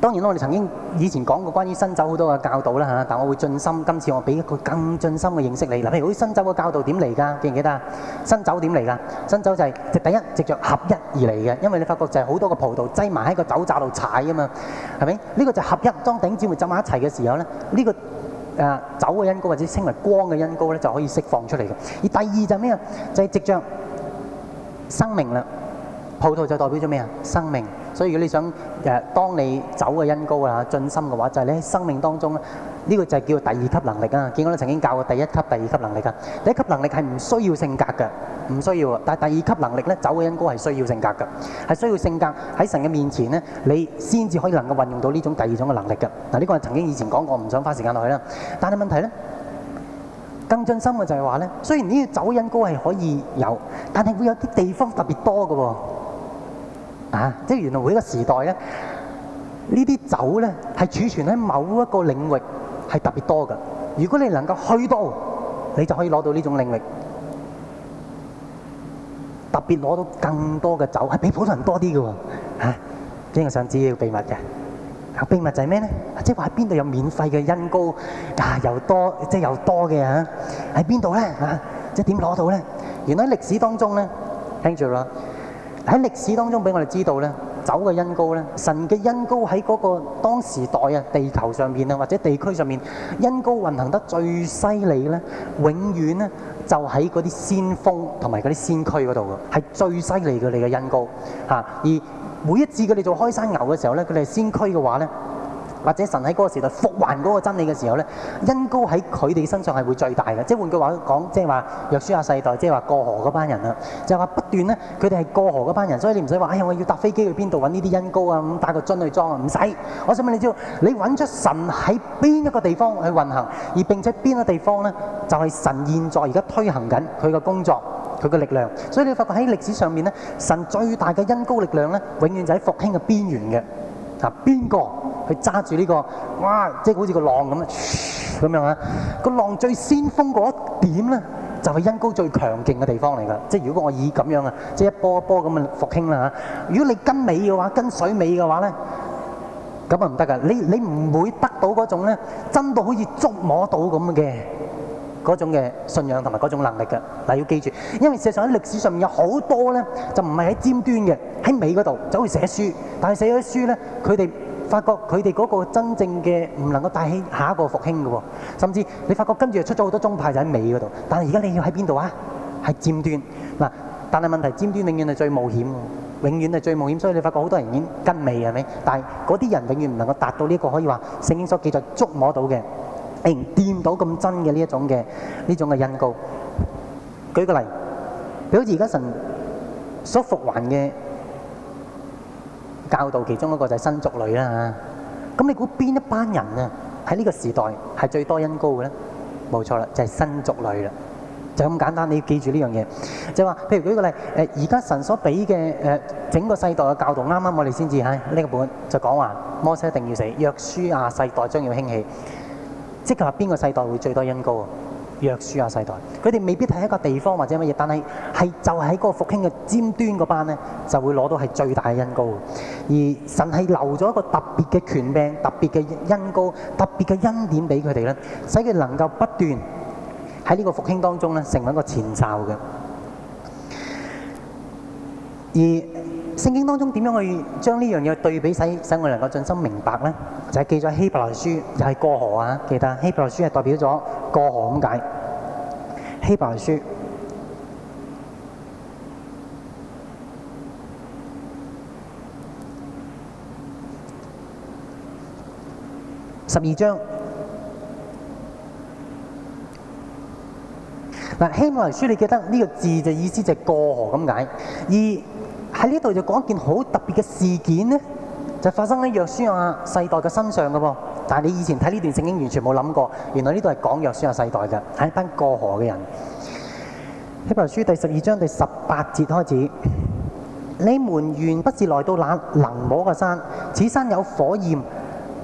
當然啦，我哋曾經以前講過關於新酒好多個教導啦，但我會盡心。今次我俾一個更盡心嘅認識你。嗱，譬如好似新酒嘅教導點嚟㗎？記唔記得？新酒點嚟㗎？新酒就係、是、第一，藉着合一而嚟嘅，因為你發覺就係好多個葡萄擠埋喺個酒醡度踩啊嘛，係咪？呢、這個就是合一當啲汁會集埋一齊嘅時候呢，呢、這個誒、啊、酒嘅因高或者稱為光嘅因高咧就可以釋放出嚟嘅。而第二就係咩啊？就係藉著生命啦。葡萄就代表咗咩啊？生命。所以如果你想，誒、啊，當你走嘅恩膏啊，進心嘅話，就係、是、你喺生命當中咧，呢、這個就係叫第二級能力啊。見到你曾經教過第一級、第二級能力噶。第一級能力係唔需要性格嘅，唔需要啊。但係第二級能力咧，走嘅恩膏係需要性格嘅，係需要性格喺神嘅面前咧，你先至可以能夠運用到呢種第二種嘅能力嘅。嗱、啊，呢、這個係曾經以前講過，唔想花時間落去啦。但係問題咧，更進心嘅就係話咧，雖然呢個走恩膏係可以有，但係會有啲地方特別多嘅喎、啊。啊！即係原來每一個時代咧，呢啲酒咧係儲存喺某一個領域係特別多嘅。如果你能夠去到，你就可以攞到呢種領域，特別攞到更多嘅酒係比普通人多啲嘅喎。嚇！邊個想知呢個秘密嘅？秘密就係咩咧？即係話喺邊度有免費嘅恩膏啊？又多即係又多嘅嚇？喺邊度咧？嚇！即係點攞到咧？原來喺歷史當中咧，聽住啦。喺歷史當中，俾我哋知道咧，走嘅恩膏咧，神嘅恩膏喺嗰個當時代啊，地球上面啊，或者地區上面，恩膏運行得最犀利咧，永遠咧就喺嗰啲先鋒同埋嗰啲先驅嗰度㗎，係最犀利嘅你嘅恩膏嚇、啊。而每一次佢哋做開山牛嘅時候咧，佢哋係先驅嘅話咧。或者神喺嗰個時代復還嗰個真理嘅時候呢，恩膏喺佢哋身上係會最大嘅。即換句話講，即、就是話約書亞世代，即、就是話過河嗰班人啦，就話不斷呢，佢哋係過河嗰班人，所以你唔使話，哎呀，我要搭飛機去邊度搵呢啲恩膏啊，咁打個樽去裝啊，唔使。我想問你，知道，你搵出神喺邊一個地方去運行，而並且邊個個地方呢？就係、是、神現在而家推行緊佢嘅工作，佢嘅力量。所以你發覺喺歷史上面呢，神最大嘅恩膏力量呢，永遠就喺復興嘅邊緣嘅。啊，邊個？去揸住呢個，哇！即係好似個浪咁啦，咁樣啊，個浪最先鋒嗰一點咧，就係音高最強勁嘅地方嚟㗎。即係如果我以咁樣啊，即係一波一波咁啊復興啦嚇，啊。如果你跟尾嘅話，跟水尾嘅話咧，咁啊唔得㗎。你你唔會得到嗰種咧，真到好似捉摸到咁嘅嗰種嘅信仰同埋嗰種能力㗎。嗱，要記住，因為事實上喺歷史上面有好多咧，就唔係喺尖端嘅，喺尾嗰度走去寫書，但係寫咗書咧，佢哋。發覺佢哋嗰個真正嘅唔能夠帶起下一個復興嘅喎，甚至你發覺跟住又出咗好多宗派就喺尾嗰度。但係而家你要喺邊度啊？係尖端嗱，但係問題尖端永遠係最冒險，永遠係最冒險。所以你發覺好多人已經跟尾係咪？但係嗰啲人永遠唔能夠達到呢一個可以話聖經所記載觸摸到嘅，並掂到咁真嘅呢一種嘅呢種嘅恩膏。舉個例，譬如好似而家神所復還嘅。教導其中一個就係新族類啦嚇，咁你估邊一班人啊？喺呢個時代係最多恩膏嘅咧？冇錯啦，就係新族類啦，就咁簡單。你要記住呢樣嘢，就話譬如舉個例，誒而家神所俾嘅誒整個世代嘅教導，啱啱我哋先至喺呢個本就講話摩西一定要死，約書亞世代將要興起，即係話邊個世代會最多恩膏啊？約書亞世代，佢哋未必係一個地方或者乜嘢，但係係就係喺嗰個復興嘅尖端嗰班咧，就會攞到係最大嘅恩膏嘅。而神係留咗一個特別嘅權柄、特別嘅恩膏、特別嘅恩典俾佢哋咧，使佢能夠不斷喺呢個復興當中咧，成為一個前哨嘅。而聖經當中點樣可以將呢樣嘢對比，使使我能夠盡心明白呢？就係記咗希伯來書，就係過河啊！記得希伯來書係代表咗過河咁解。希伯來書十二章嗱，希伯來書你記得呢個字就意思就係過河咁解，二。喺呢度就講一件好特別嘅事件咧，就發生喺約書亞世代嘅身上嘅噃。但係你以前睇呢段聖經完全冇諗過，原來呢度係講約書亞世代嘅，係一班過河嘅人。希伯來書第十二章第十八節開始，你們原不是來到那能摸嘅山，此山有火焰、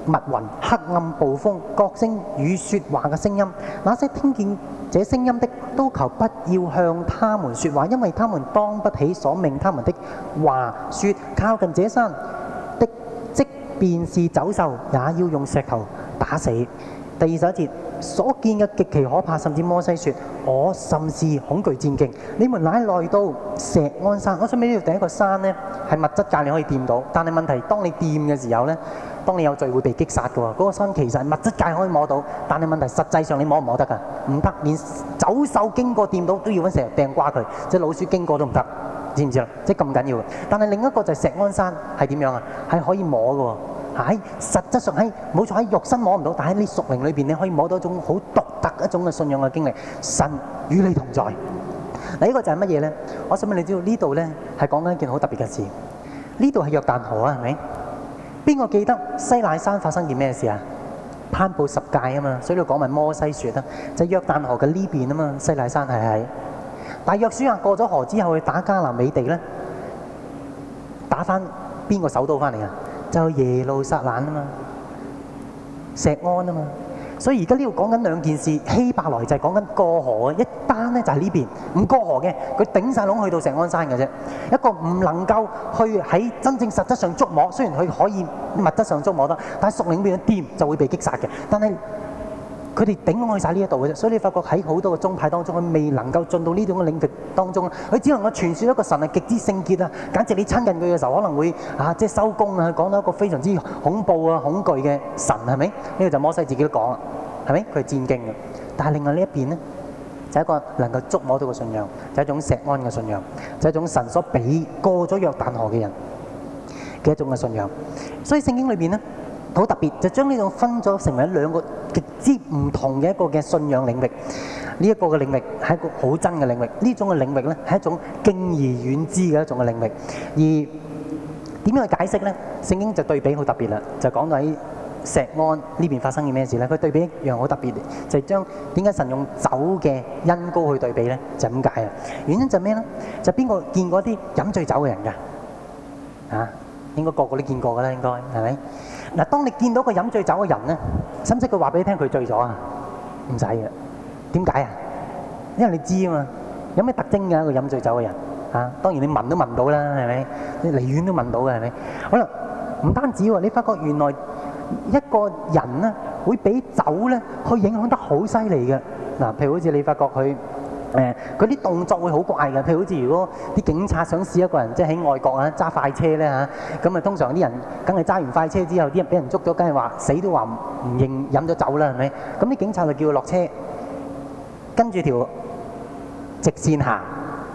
密雲、黑暗、暴風、角聲與説話嘅聲音，那些聽見這聲音的，都求不要向他們說話，因為他們當不起所命他們的話，說靠近這山的，即便是走獸也要用石頭打死。第二十一節所見嘅極其可怕，甚至摩西說，我甚至恐懼戰兢。你們乃來到錫安山。我想畀呢度第一個山呢，係物質界你可以掂到，但係問題當你掂嘅時候呢，當你有罪會被擊殺嘅喎，嗰個山其實物質界可以摸到，但係問題實際上你摸唔摸得㗎？唔得，連走獸經過掂到都要揾石頭掟瓜佢，即係老鼠經過都唔得，知唔知啦？即係咁緊要嘅。但係另一個就係錫安山係點樣啊？係可以摸嘅喎，係實質上係冇錯喺肉身摸唔到，但喺你屬靈裏邊你可以摸到一種好獨特一種嘅信仰嘅經歷，神與你同在。嗱，呢個就係乜嘢咧？我想問你知道呢度咧係講緊一件好特別嘅事，呢度係約旦河啊，係咪？邊個記得西奈山發生件咩事啊？攀布十誡啊嘛，所以佢講問摩西說啦，就約旦河嘅呢邊啊嘛，西奈山係喺，但約書亞過咗河之後去打迦南美地咧，打翻邊個首都翻嚟啊？就耶路撒冷啊嘛，錫安啊嘛。所以而家呢度講緊兩件事，希伯來就係講緊過河嘅一單，就係呢邊唔過河嘅，佢頂曬籠去到錫安山嘅啫。一個唔能夠去喺真正實質上觸摸，雖然佢可以物質上觸摸得，但係熟領邊嘅店就會被擊殺嘅。但係佢哋頂窿晒呢一度嘅啫，所以你發覺喺好多個宗派當中，佢未能夠進到呢種領域當中，佢只能夠傳説一個神係極之聖潔啊，簡直你親近佢嘅時候可能會啊，即係收工啊，講到一個非常之恐怖啊、恐懼嘅神係咪？呢、這個就摩西自己都講啦，係咪？佢係戰驚嘅。但係另外呢一邊咧，就係、一個能夠觸摸到嘅信仰，就係、一種錫安嘅信仰，就係、一種神所俾過咗約旦河嘅人嘅一種嘅信仰。所以聖經裏邊咧。好特別，就將呢種分咗成為兩個極之唔同嘅一個嘅信仰領域。呢一個嘅領域係一個好真嘅領域。呢種嘅領域咧係一種敬而遠之嘅一種嘅領域。而點樣去解釋咧？聖經就對比好特別啦，就講到喺石安呢邊發生嘅咩事咧？佢對比一樣好特別，就係將點解神用酒嘅恩膏去對比咧？就咁解啊！原因就咩咧？就邊個見過啲飲醉酒嘅人㗎？啊，應該個個都見過㗎啦，應該係咪？嗱，當你見到個飲醉酒嘅人咧，使唔使佢話俾你聽佢醉咗啊？唔使嘅，點解啊？因為你知啊嘛，有咩特徵㗎？個飲醉酒嘅人啊，當然你聞都聞到啦，係咪？你離遠都聞到嘅，係咪？好啦，唔單止喎，你發覺原來一個人咧會俾酒咧去影響得好犀利嘅。嗱，譬如好似你發覺佢。誒，佢啲動作會好怪嘅。譬如好似如果啲警察想試一個人，即係喺外國啊揸快車咧嚇，咁啊通常啲人梗係揸完快車之後，啲人俾人捉咗，梗係話死都話唔認飲咗酒啦，係咪？咁啲警察就叫佢落車，跟住條直線行，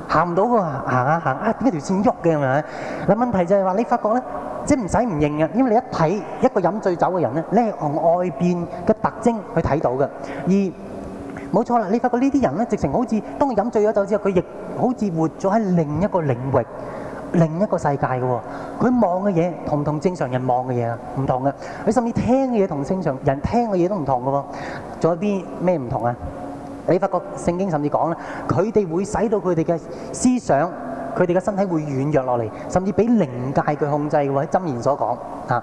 行唔到㗎，行啊行啊，點解條線喐嘅係咪？嗱，問題就係話你發覺咧，即係唔使唔認嘅，因為你一睇一個飲醉酒嘅人咧，你係從外邊嘅特徵去睇到嘅，而冇錯啦，你發覺呢啲人咧，直情好似當佢飲醉咗酒之後，佢亦好似活咗喺另一個領域、另一個世界嘅喎。佢望嘅嘢同唔同正常人望嘅嘢啊？唔同嘅。佢甚至聽嘅嘢同正常人聽嘅嘢都唔同嘅喎。仲有啲咩唔同啊？你發覺聖經甚至講咧，佢哋會使到佢哋嘅思想、佢哋嘅身體會軟弱落嚟，甚至俾靈界佢控制嘅喎，喺箴言所講啊。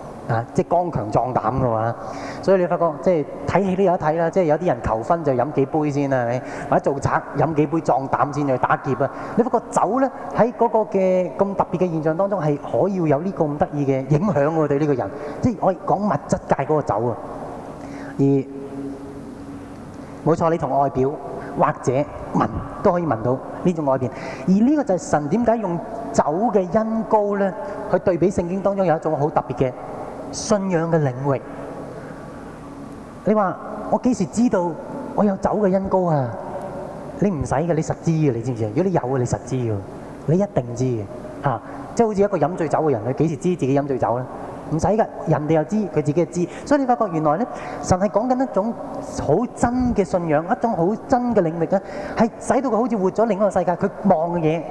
啊、即係剛強壯膽嘅話，所以你發覺即係睇戲都有得睇啦。即係有啲人求婚就飲幾杯先啦、啊，或者做賊飲幾杯壯膽先去打劫啊。你發覺酒咧喺嗰個嘅咁特別嘅現象當中係可以有呢個咁得意嘅影響我、啊、對呢個人即係我講物質界嗰個酒啊，而冇錯，你同外表或者聞都可以聞到呢種外邊。而呢個就係神點解用酒嘅因高咧去對比聖經當中有一種好特別嘅。信仰嘅領域，你話我幾時知道我有酒嘅恩膏啊？你唔使嘅，你實知嘅，你知唔知啊？如果你有嘅，你實知嘅，你一定知嘅嚇。即係好似一個飲醉酒嘅人，佢幾時知自己飲醉酒咧？唔使嘅，人哋又知，佢自己知。所以你發覺原來咧，神係講緊一種好真嘅信仰，一種好真嘅領域咧，係使到佢好似活咗另一個世界，佢望嘅嘢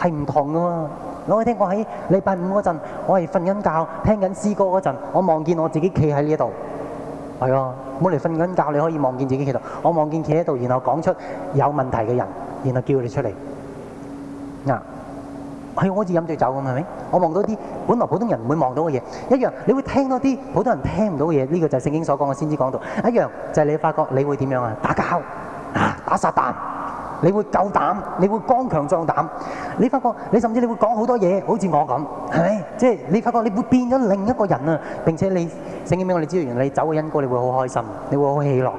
係唔同嘅喎。你可以聽，我喺禮拜五嗰陣，我係瞓緊覺聽緊詩歌嗰陣，我望見我自己企喺呢度。係啊，冇嚟瞓緊覺，你可以望見自己企度。我望見企喺度，然後講出有問題嘅人，然後叫佢哋出嚟。嗱，係我好似飲醉酒咁，係咪？我望到啲本來普通人唔會望到嘅嘢，一樣，你會聽多啲普通人聽唔到嘅嘢。呢、這個就係聖經所說的講嘅先知講道一樣，就係、是、你會發覺你會點樣啊？打交，打撒但。你會夠膽，你會剛強壯膽。你發覺，你甚至你會講好多嘢，好似我咁，係咪？即係你發覺，你會變咗另一個人啊！並且你聖經俾我哋知道，原來你走嘅恩膏，你會好開心，你會好喜樂。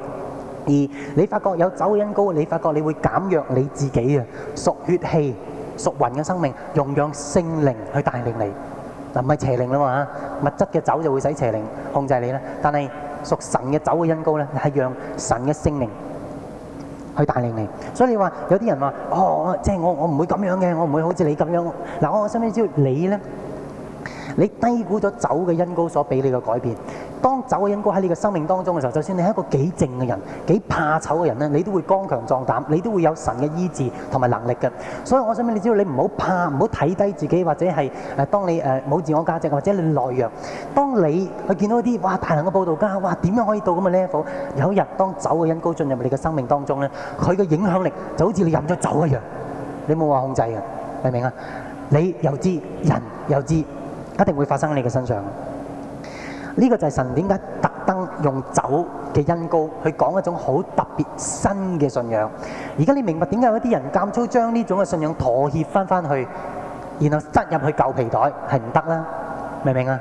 而你發覺有走嘅恩膏，你發覺你會減弱你自己嘅屬血氣、屬魂嘅生命，用養聖靈去帶領你。嗱，唔係邪靈啦嘛，物質嘅走就會使邪靈控制你咧。但係屬神嘅走嘅恩膏咧，係讓神嘅聖靈，去帶領你。所以你話有啲人話，哦，即係我，我唔會咁樣嘅，我唔會好似你咁樣。嗱、啊、我想知道你咧，你低估咗走嘅因高所俾你嘅改變。當酒嘅恩膏喺你嘅生命當中嘅時候，就算你係一個幾靜嘅人、幾怕醜嘅人咧，你都會剛強壯膽，你都會有神嘅醫治同埋能力嘅。所以我想俾你知道，你唔好怕，唔好睇低自己，或者係誒、呃，當你誒冇、呃、自我價值或者你懦弱，當你去見到一啲哇大能嘅佈道家，哇點樣可以到咁嘅 level，有一日當酒嘅恩膏進入你嘅生命當中咧，佢嘅影響力就好似你飲咗酒一樣，你冇話控制嘅，明唔明啊？你又知，人又知，一定會發生喺你嘅身上。呢個就係神點解特登用酒嘅音高去講一種好特別新嘅信仰。而家你明白點解有啲人監粗將呢種嘅信仰妥協翻翻去，然後塞入去舊皮袋係唔得啦，明唔明啊？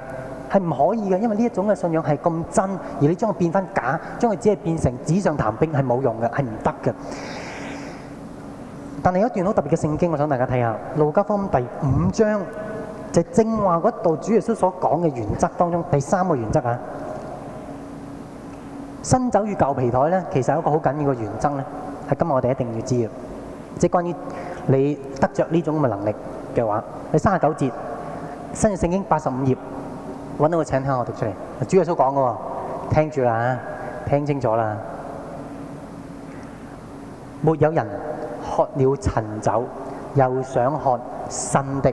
係唔可以嘅，因為呢一種嘅信仰係咁真，而你將佢變翻假，將佢只係變成紙上談兵係冇用嘅，係唔得嘅。但係有一段好特別嘅聖經，我想大家睇下《路加福音》第五章。就正話嗰度，主耶穌所講嘅原則當中，第三個原則啊，新酒與舊皮袋咧，其實有一個好緊要嘅原則咧，係今日我哋一定要知嘅，即係關於你得着呢種咁嘅能力嘅話，你三十九節，新約聖經八十五頁，揾到個，請聽我讀出嚟，主耶穌講嘅，聽住啦，聽清楚啦，沒有人喝了陳酒又想喝新的。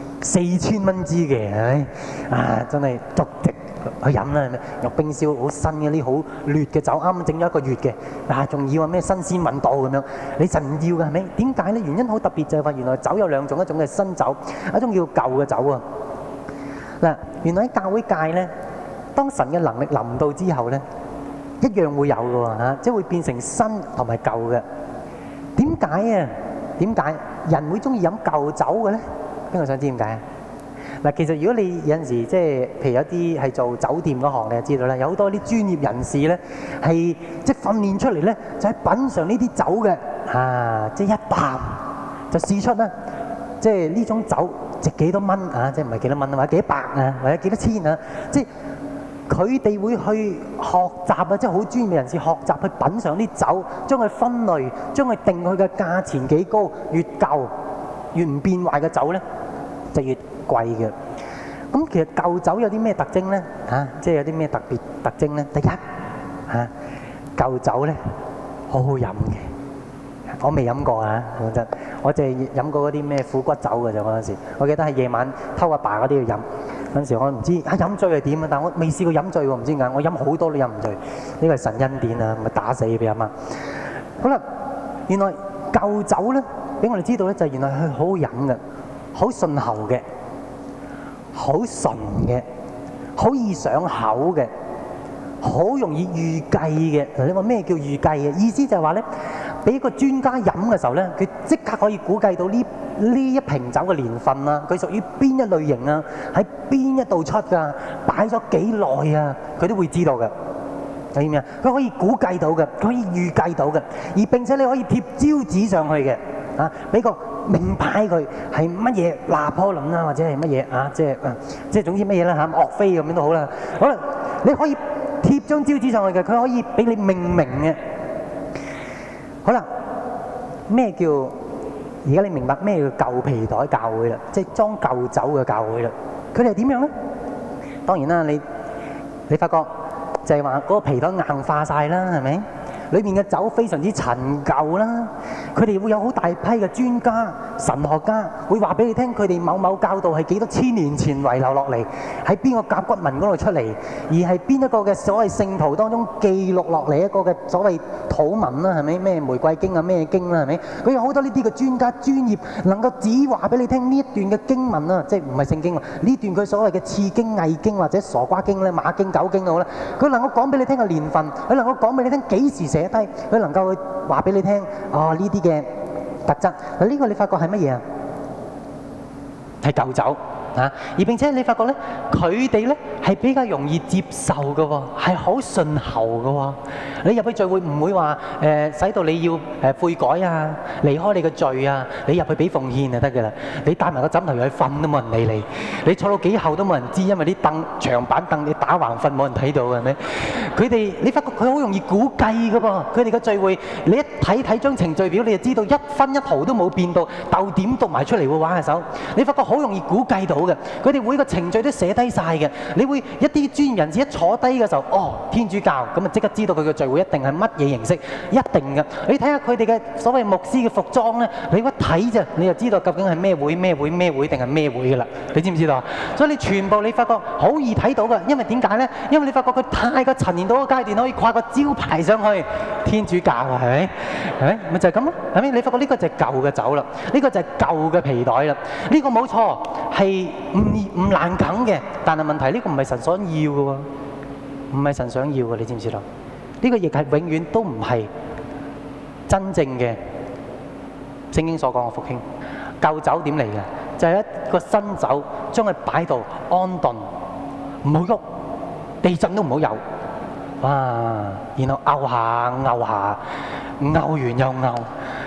四千蚊支嘅，唉啊，真係獨敵去飲啦，入冰燒好新嗰啲好劣嘅酒，啱啱整咗一個月嘅，啊仲要咩新鮮味道咁樣？你神要嘅係咪？點解咧？原因好特別就係話，原來酒有兩種，一種係新酒，一種叫舊嘅酒啊。嗱，原來喺教會界咧，當神嘅能力臨到之後咧，一樣會有嘅嚇，即係會變成新同埋舊嘅。點解啊？點解人會中意飲舊酒嘅咧？邊個想知點解啊？嗱，其實如果你有陣時即係譬如有啲係做酒店嗰行，你就知道啦。有好多啲專業人士咧，係即係訓練出嚟咧，就喺品嚐呢啲酒嘅啊，即一百，就試出咧，即係呢種酒值幾多蚊啊？即唔係幾多蚊啊？或者幾百啊？或者幾多千啊？即佢哋會去學習啊，即係好專業嘅人士學習去品嚐啲酒，將佢分類，將佢定佢嘅價錢幾高，越舊越唔變壞嘅酒咧。就越貴嘅。咁其實舊酒有啲咩特徵咧？嚇，即係有啲咩特別特徵咧？第一嚇，舊酒咧，好好飲嘅。我未飲過啊，講真，我淨係飲過嗰啲咩苦骨酒嘅啫，嗰陣時。我記得係夜晚偷阿爸嗰啲去飲。嗰陣時我唔知嚇飲醉係點啊，但係我未試過飲醉喎，唔知點解。我飲好多都飲唔醉，呢個係神恩典啊，咪打死你俾阿媽。好啦，原來舊酒咧，俾我哋知道咧，就係原來係好好飲嘅。好順喉的，好純的，好易上口的，好容易預計的。你說什麼叫預計的意思，就是說咧，給一個專家喝的時候咧，佢即刻可以估計到這一瓶酒的年份啊，佢屬於哪一類型啊，喺邊一度出噶，擺了幾耐啊，佢都會知道嘅。係咪啊？他可以估計到嘅，他可以預計到的，而並且你可以貼招紙上去的啊，呢個。名牌佢係乜嘢拿破侖啦，或者係乜嘢啊？即係啊，即係總之乜嘢啦嚇，岳飛咁樣都好啦。好啦，你可以貼張招紙上去嘅，佢可以俾你命名嘅。好啦，咩叫而家你明白咩叫舊皮袋教會啦？即係裝舊酒嘅教會啦。佢哋點樣咧？當然啦，你你發覺就係話嗰個皮袋硬化曬啦，係咪？裏面嘅酒非常之陳舊啦，佢哋會有好大批嘅專家神學家會話俾你聽，佢哋某某教導係幾多千年前遺留落嚟，喺邊個甲骨文嗰度出嚟，而係邊一個嘅所謂聖徒當中記錄落嚟一個嘅所謂土文啦，係咪咩玫瑰經啊咩經啦，係咪？佢有好多呢啲嘅專家專業能夠只話俾你聽呢一段嘅經文啦，即係唔係聖經呢段佢所謂嘅刺經、偽經或者傻瓜經呢，馬經、狗經都好啦。佢能夠講俾你聽個年份，佢能夠講俾你聽幾時寫，嘅，但係佢能夠話俾你聽啊，呢啲嘅特質。嗱、這、呢個你發覺係乜嘢啊？係舊酒。啊，而並且你發覺咧，佢哋咧係比較容易接受嘅喎、哦，係好順喉嘅喎。你入去聚會唔會話誒、呃、使到你要誒悔改啊，離開你嘅罪啊。你入去俾奉獻就得嘅啦。你帶埋個枕頭入去瞓都冇人理你。你坐到幾後都冇人知，因為啲凳長板凳你打橫瞓冇人睇到嘅，係咪？佢哋你發覺佢好容易估計嘅噃。佢哋嘅聚會你一睇睇張程序表，你就知道一分一毫都冇變到。逗點讀埋出嚟會玩下手。你發覺好容易估計到。佢哋會個程序都寫低晒嘅。你會一啲專業人士一坐低嘅時候，哦，天主教咁啊，即刻知道佢嘅聚會一定係乜嘢形式，一定嘅。你睇下佢哋嘅所謂牧師嘅服裝咧，你一睇咋，你就知道究竟係咩會、咩會、咩會定係咩會嘅啦。你知唔知道啊？所以你全部你發覺好易睇到嘅，因為點解咧？因為你發覺佢太過陳年到個階段，可以跨個招牌上去，天主教啊，係咪？係咪？咪就係咁咯，係咪？你發覺呢個就係舊嘅酒啦，呢、呢個就係舊嘅皮袋啦，呢、呢個冇錯係。唔唔難啃嘅，但係問題呢、這個唔係神想要嘅，唔係神想要嘅，你知唔知道？呢、這個亦係永遠都唔係真正嘅聖經所講嘅復興，舊酒點嚟嘅？就係、是、一個新酒，將佢擺到安頓，唔好喐，地震都唔好有，哇！然後拗下拗下，拗完又拗。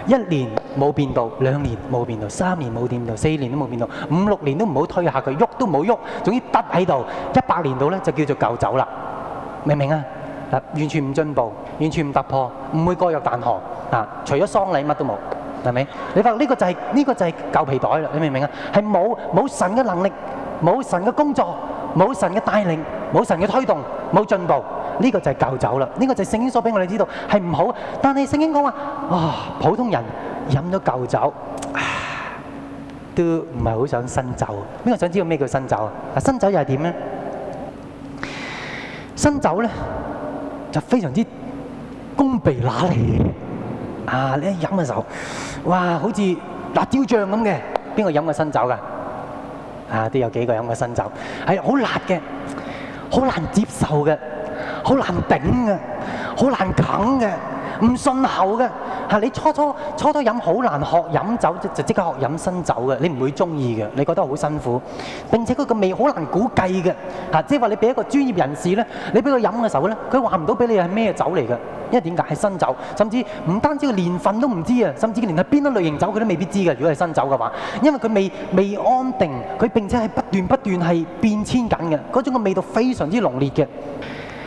一年冇變到，兩年冇變到，三年冇變到，四年都冇變到，五六年都唔好推下佢，喐都冇喐，總之耷喺度，一百年到咧就叫做舊酒啦，明唔明啊？嗱，完全唔進步，完全唔突破，唔會過入蛋殼啊！除咗喪禮乜都冇，明唔明？你發覺呢個就係呢個就係舊皮袋啦，你明唔明啊？係冇冇神嘅能力，冇神嘅工作，冇神嘅帶領，冇神嘅推動，冇進步。呢個就係舊酒啦，呢個就係聖經所俾我哋知道係唔好。但係聖經講話，啊普通人飲咗舊酒，都唔係好想新酒。邊個想知道咩叫新酒啊？嗱，新酒又係點咧？新酒咧就非常之攻鼻辣脷啊！你一飲嘅時候，哇，好似辣椒醬咁嘅。邊個飲過新酒㗎？啊，都有幾個飲過新酒，係好辣嘅，好難接受嘅。好難頂嘅，好難啃嘅，唔順口嘅。係你初初初初飲好難學飲酒，就即刻學飲新酒嘅。你唔會中意嘅，你覺得好辛苦。並且佢個味好難估計嘅。嚇，即係話你俾一個專業人士咧，你俾佢飲嘅時候咧，佢話唔到俾你係咩酒嚟嘅，因為點解係新酒，甚至唔單止佢年份都唔知啊，甚至連係邊一類型酒佢都未必知嘅。如果係新酒嘅話，因為佢未未安定，佢並且係不斷不斷係變遷緊嘅，嗰種嘅味道非常之濃烈嘅。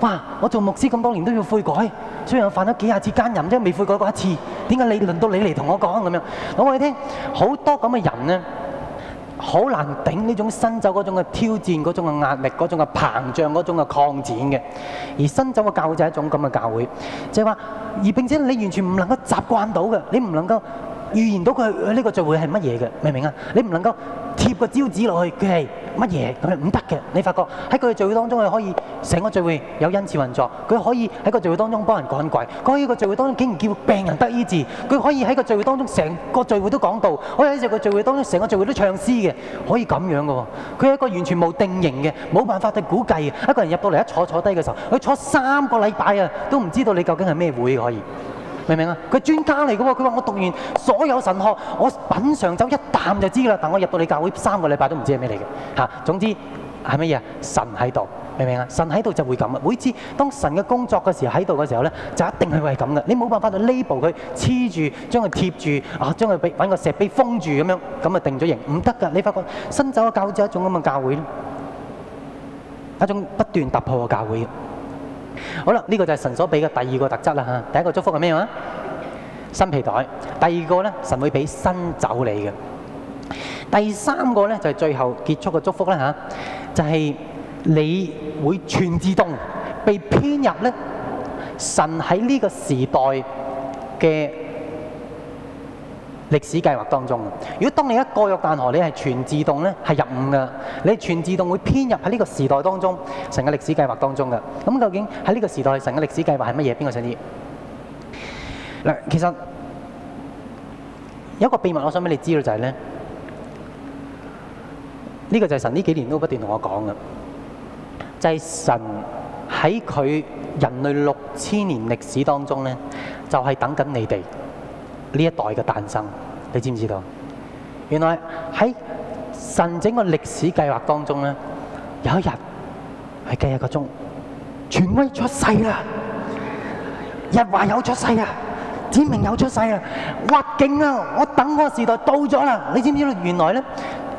哇！我做牧師咁多年都要悔改，雖然我犯咗幾廿次奸淫啫，未悔改過一次。點解你輪到你嚟同我講咁樣？我話俾你聽，好多咁嘅人咧，好難頂呢種新酒嗰種嘅挑戰、嗰種嘅壓力、嗰種嘅膨脹、嗰種嘅擴展嘅。而新酒嘅教會就係一種咁嘅教會，就係、是、話，而並且你完全唔能夠習慣到嘅，你唔能夠預言到佢呢、呃這個聚會係乜嘢嘅，明唔明啊？你唔能夠。個招子落去，佢係乜嘢？咁係唔得嘅。你發覺喺佢嘅聚會當中，佢可以成個聚會有恩賜運作。佢可以喺個聚會當中幫人趕鬼。佢可以個聚會當中竟然叫病人得醫治。佢可以喺個聚會當中成個聚會都講道。可以喺個聚會當中成個聚會都唱詩嘅。可以咁樣嘅。佢係一個完全冇定型嘅，冇辦法去估計。一個人入到嚟一坐坐低嘅時候，佢坐三個禮拜啊，都唔知道你究竟係咩會可以。明唔明啊？佢專家嚟噶喎，佢話我讀完所有神學，我品嚐酒一啖就知噶啦。但我入到你教會三個禮拜都唔知係咩嚟嘅嚇。總之係乜嘢啊？神喺度，明唔明啊？神喺度就會咁啊，每次當神嘅工作嘅時候喺度嘅時候咧，就一定係會係咁嘅。你冇辦法去 label，佢黐住將佢貼住啊，將佢俾揾個石碑封住咁樣，咁啊定咗型，唔得噶。你發覺新酒嘅教會就係一種咁嘅教會，一種不斷突破嘅教會。好啦，呢、這個就係神所俾嘅第二個特質啦吓，第一個祝福係咩話？新皮袋，第二個呢，神會俾新酒你嘅，第三個呢，就係、是、最後結束嘅祝福啦吓，就係、是、你會全自動被編入呢神喺呢個時代嘅。歷史計劃當中。如果當你一個約旦河，你係全自動咧，係入伍噶。你全自動會編入喺呢個時代當中，神嘅歷史計劃當中噶。咁究竟喺呢個時代，神嘅歷史計劃係乜嘢？邊個想知？其實有一個秘密，我想俾你知道、就係，就係咧，呢個就係神呢幾年都不斷同我講嘅，就係、係、神喺佢人類六千年歷史當中咧，就係等緊你哋。呢一代嘅誕生，你知唔知道？原來喺神整個歷史計劃當中咧，有一日，係計一個鐘，權威出世啦，日華有出世啊，子明有出世啊，哇勁啊！我等個時代到咗啦，你知唔知道？原來咧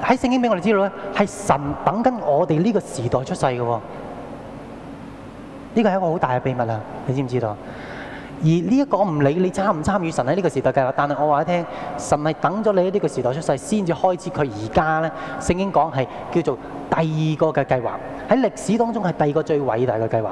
喺聖經俾我哋知道咧，係神等緊我哋呢個時代出世嘅。呢個係一個好大嘅秘密啊！你知唔知道？而呢一個我唔理你參唔參與神喺呢個時代計劃，但係我話你聽，神係等咗你喺呢個時代出世先至開始佢而家呢，聖經講係叫做第二個嘅計劃，喺歷史當中係第二個最偉大嘅計劃，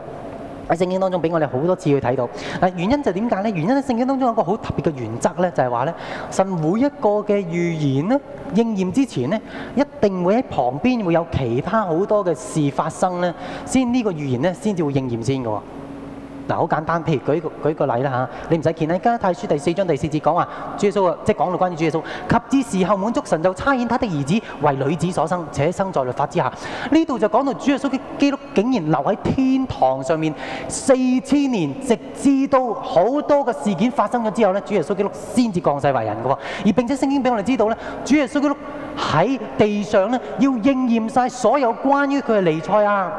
喺聖經當中俾我哋好多次去睇到。嗱，原因就點解呢？原因喺聖經當中有一個好特別嘅原則呢，就係話呢，神每一個嘅預言呢，應驗之前呢，一定會喺旁邊會有其他好多嘅事發生呢。先呢個預言呢，先至會應驗先嘅喎。嗱，好簡單，譬如舉舉個例啦嚇，你唔使見啦，《加太書》第四章第四節講話，主耶穌即係講到關於主耶穌，及至時候滿足，神就差遣他的兒子為女子所生，且生在律法之下。呢度就講到主耶穌基督竟然留喺天堂上面四千年，直至到好多嘅事件發生咗之後咧，主耶穌基督先至降世為人嘅喎。而並且聖經俾我哋知道咧，主耶穌基督喺地上咧要應驗晒所有關於佢嘅離賽啊！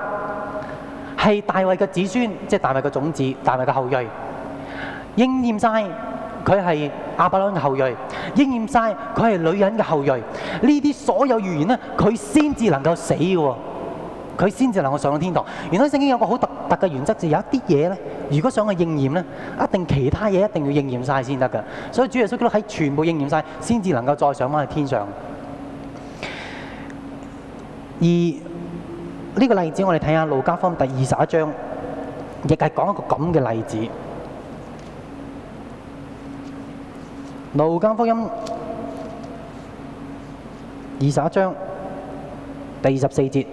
係大衛嘅子孫，即、就、係、是、大衛嘅種子，大衛嘅後裔。應驗晒，佢係阿伯朗嘅後裔，應驗晒，佢係女人嘅後裔。呢啲所有預言咧，佢先至能夠死嘅，佢先至能夠上到天堂。原來聖經有個好特特嘅原則，就是、有一啲嘢咧，如果想佢應驗咧，一定其他嘢一定要應驗晒先得嘅。所以主耶穌基督喺全部應驗晒，先至能夠再上翻去天上。二。呢個例子我哋睇下《路加福音》第二十一章，亦係講一個咁嘅例子。《路加福音》二十一章第二十四節，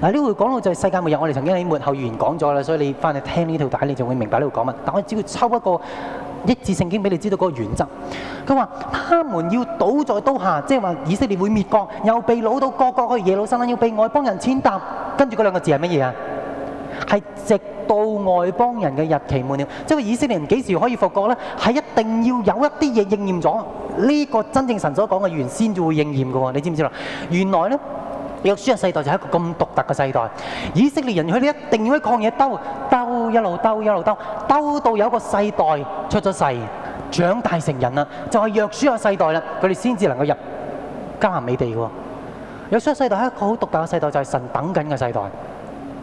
嗱，呢個講到就係世界末日，我哋曾經喺末後預言講咗啦，所以你翻去聽呢條帶，你就會明白呢度講乜。但我只要抽一個。一字聖經俾你知道嗰個原則，佢話他們要倒在刀下，即係話以色列會滅國，又被擄到各國去耶路撒冷，啦，要被外邦人踐踏。跟住嗰兩個字係乜嘢啊？係直到外邦人嘅日期滿了，即係話以色列人幾時可以復國呢？係一定要有一啲嘢應驗咗，呢個真正神所講嘅原先至會應驗嘅喎。你知唔知啊？原來呢。約書亞嘅世代就係一個咁獨特嘅世代，以色列人佢哋一定要去曠野兜兜一路兜一路兜，兜到有一個世代出咗世，長大成人啦，就係、是、約書亞嘅世代啦，佢哋先至能夠入迦南美地嘅。約書亞嘅世代係一個好獨特嘅世代，就係、是、神在等緊嘅世代，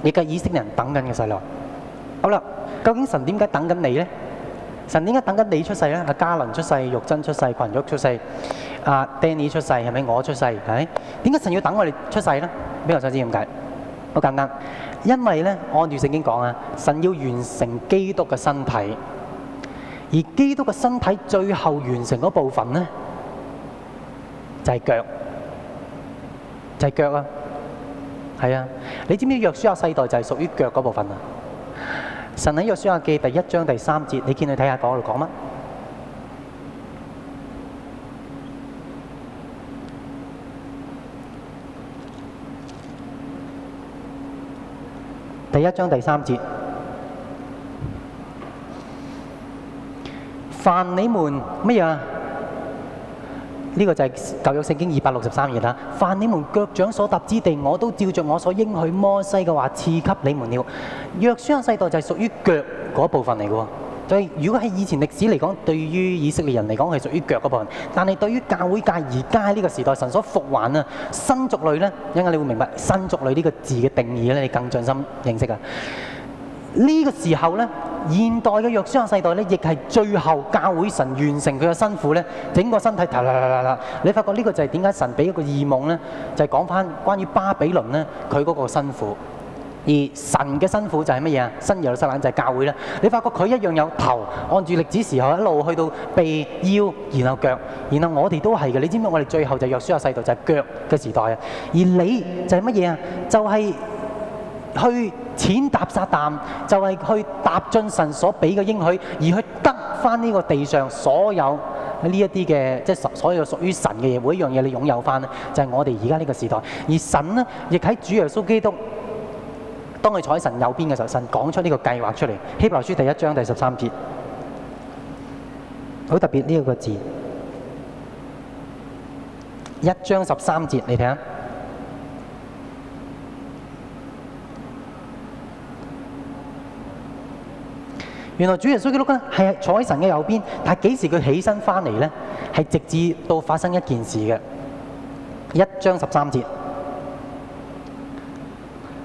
你嘅以色列人在等緊嘅世代。好啦，究竟神點解等緊你呢？神點解等緊你出世呢？阿加倫出世，玉珍出世，群玉出世。阿、uh, Danny 出世，係咪我出世係？點解神要等我哋出世咧？邊個想知點解？好簡單，因為咧按住聖經講啊，神要完成基督嘅身體，而基督嘅身體最後完成嗰部分咧就係腳，就係腳啊！係啊，你知唔知約書亞世代就係屬於腳嗰部分啊？神喺約書亞記第一章第三節，你見佢睇下講度講乜？第一章第三節，凡你們乜嘢？呢、這個就係、是、舊約聖經二百六十三頁啦。凡你們腳掌所踏之地，我都照着我所應許摩西嘅話，賜給你們了。約書亞世代就係屬於腳嗰一部分嚟喎。如果喺以前歷史嚟講，對於以色列人嚟講係屬於腳嗰部分，但係對於教會界而家呢個時代，神所復還啊新族類呢，一陣你會明白新族類呢個字嘅定義咧，你更盡心認識啊！呢個時候呢，現代嘅約書亞世代呢，亦係最後教會神完成佢嘅辛苦呢，整個身體叮叮叮叮，你發覺呢個就係點解神俾一個異夢呢？就係講翻關於巴比倫呢，佢嗰個辛苦。而神嘅辛苦就係乜嘢啊？新耶路撒冷就係教會啦。你發覺佢一樣有頭，按住歷史時候一路去到臂腰，然後腳，然後我哋都係嘅。你知唔知我哋最後就是約書亞世代就係、是、腳嘅時代啊？而你就係乜嘢啊？就係、是、去踐踏、撒但，就係、是、去踏進神所俾嘅應許，而去得翻呢個地上所有呢一啲嘅即係所有屬於神嘅嘢，每一樣嘢你擁有翻咧，就係、是、我哋而家呢個時代。而神呢，亦喺主耶穌基督。當佢坐喺神右邊嘅時候，神講出呢個計劃出嚟。《希伯來書》第一章第十三節，好特別呢一個字，一章十三節，你睇下，原來主耶穌基督咧係坐喺神嘅右邊，但係幾時佢起身翻嚟咧？係直至到發生一件事嘅，一章十三節。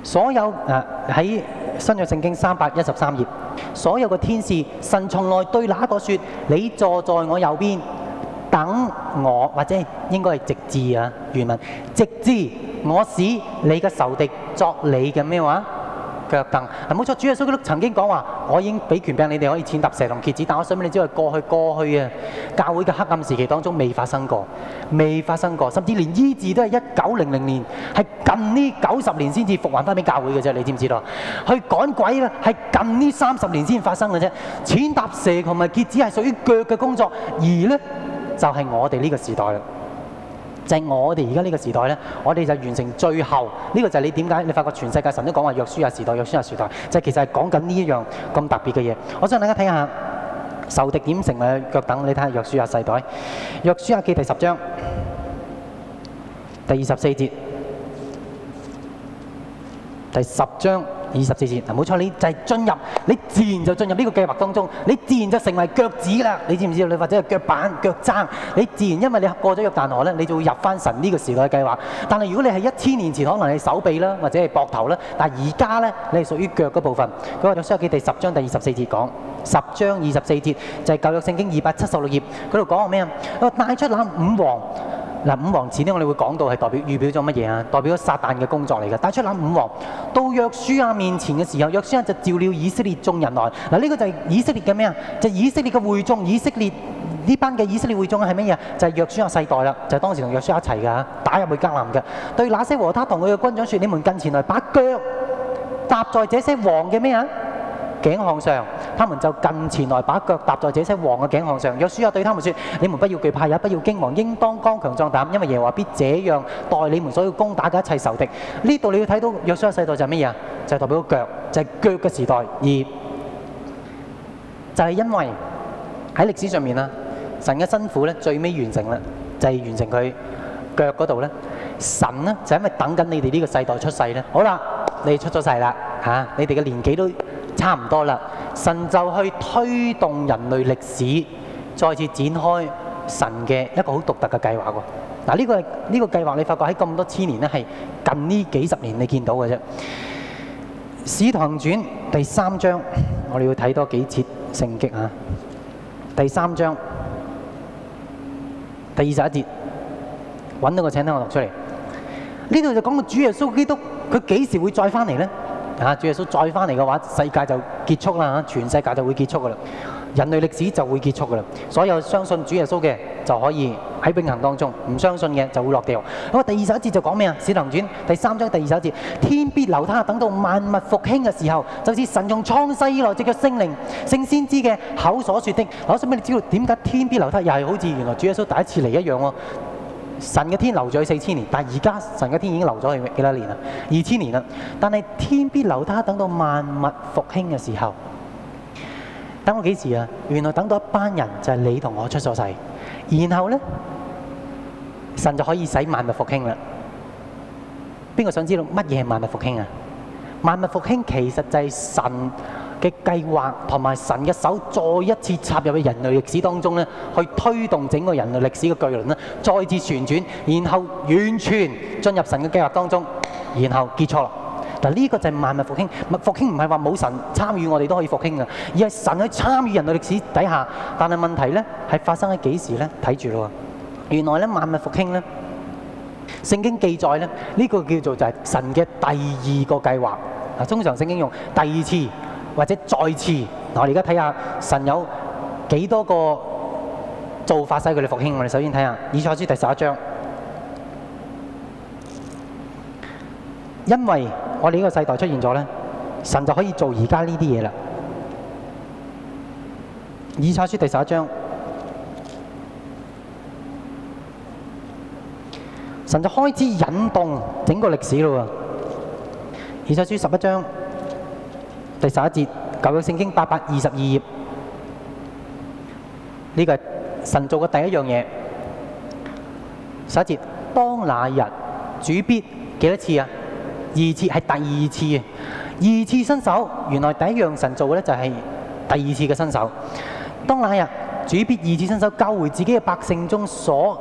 所有誒喺、啊、新約聖經三百一十三頁，所有嘅天使神從來對哪個說：你坐在我右邊，等我或者應該係直至啊，原文直至我使你嘅仇敵作你嘅咩話？腳凳，嗱冇錯，主耶穌基督曾經講話：我已經俾權柄你哋可以踐踏蛇同蠍子，但我想問你，知唔知過去過去嘅教會嘅黑暗時期當中未發生過，未發生過，甚至連醫治都係一九零零年，係近呢九十年先至復還翻俾教會嘅啫，你知唔知道？去趕鬼啦，係近呢三十年先發生嘅啫，踐踏蛇同埋蠍子係屬於腳嘅工作，而呢就係我哋呢個時代啦。就係、是、我哋而家呢個時代呢，我哋就完成最後呢、這個就係你點解你發覺全世界神都講話約書亞時代、約書亞時代，就是、其實係講緊呢一樣咁特別嘅嘢。我想大家睇下仇敵點成為腳凳，你睇下約書亞世代，約書亞記第十章第二十四節第十章。二十四節嗱，冇錯，你就係進入，你自然就進入呢個計劃當中，你自然就成為腳趾啦，你知唔知道？你或者係腳板、腳踭，你自然因為你過咗約旦河咧，你就會入翻神呢個時代嘅計劃。但係如果你係一千年前，可能係手臂啦，或者係膊頭啦，但係而家咧，你係屬於腳嗰部分。嗰個約書亞記第十章第二十四節，講十章二十四節，就係舊約聖經二百七十六頁嗰度講咩啊？我帶出那五王。嗱五王前呢，我哋會講到係代表預表咗乜嘢啊？代表咗撒旦嘅工作嚟嘅。但係出嚟五王到約書亞面前嘅時候，約書亞就召了以色列眾人來。嗱、啊、呢、這個就係以色列嘅咩啊？就係、是、以色列嘅會眾，以色列呢班嘅以色列會眾係乜嘢啊？就係、是、約書亞世代啦，就係、是、當時同約書亞一齊嘅，打入去迦南嘅。對那些和他同去嘅軍長説：你們近前來，把腳踏在這些王嘅咩啊？頸項上，他們就近前來，把腳踏在這些王嘅頸項上。約書亞對他們說：你們不要懼怕，也不要驚惶，應當剛強壯膽，因為耶和華必這樣待你們，所要攻打嘅一切仇敵。呢度你要睇到約書亞嘅世代就係咩嘢啊？就係代表個腳，就係腳嘅時代。而就係因為喺歷史上面啊，神嘅辛苦咧最尾完成啦，就係完成佢腳嗰度咧。神咧就因為等緊你哋呢個世代出世咧。好啦，你出咗世啦吓，你哋嘅年紀都。差唔多啦，神就去推動人類歷史再次展開神嘅一個好獨特嘅計劃喎。嗱、這個，呢個呢個計劃你發覺喺咁多千年咧，係近呢幾十年你見到嘅啫。《使徒行傳啊》第三章，我哋要睇多幾次聖經啊。第三章第二十一節，揾到個請聽我讀出嚟。呢度就講到主耶穌基督，佢幾時會再翻嚟呢？啊！主耶穌再翻嚟嘅話，世界就結束啦！嚇，全世界就會結束噶啦，人類歷史就會結束噶啦。所有相信主耶穌嘅就可以喺永恆當中，唔相信嘅就會落掉。好，第二十一節就講咩啊？《使徒行傳》第三章第二十一節，天必留他，等到萬物復興嘅時候，就似、是、神用創世以來即腳聖靈、聖先知嘅口所説的。我想俾你知道點解天必留他，又係好似原來主耶穌第一次嚟一樣喎？神嘅天留咗佢四千年，但係而家神嘅天已經留咗佢幾多年啦？二千年啦！但係天必留他等到萬物復興嘅時候，等我幾時啊？原來等到一班人就係你同我出咗世，然後呢，神就可以使萬物復興啦。邊個想知道乜嘢係萬物復興啊？萬物復興其實就係神。嘅計劃同埋神嘅手，再一次插入去人類歷史當中咧，去推動整個人類歷史嘅巨輪咧，再次旋轉，轉，然後完全進入神嘅計劃當中，然後結束啦。嗱，呢個就係萬物復興。復興唔係話冇神參與，我哋都可以復興嘅，而係神去參與人類歷史底下。但係問題咧，係發生喺幾時咧？睇住咯。原來咧，萬物復興咧，聖經記載咧，呢、呢個叫做就係神嘅第二個計劃。嗱，通常聖經用第二次。或者再次，嗱，我哋而家睇下神有幾多個做法使佢哋復興。我哋首先睇下以賽書第十一章，因為我哋呢個世代出現咗咧，神就可以做而家呢啲嘢啦。以賽書第十一章，神就開始引動整個歷史咯。以賽書十一章。第十一節《舊約聖經》八百二十二頁，呢、這個是神做嘅第一樣嘢。十一節，當那日主必幾多次啊？二次係第二次，二次伸手。原來第一樣神做嘅咧就係第二次嘅伸手。當那日主必二次伸手救回自己嘅百姓中所。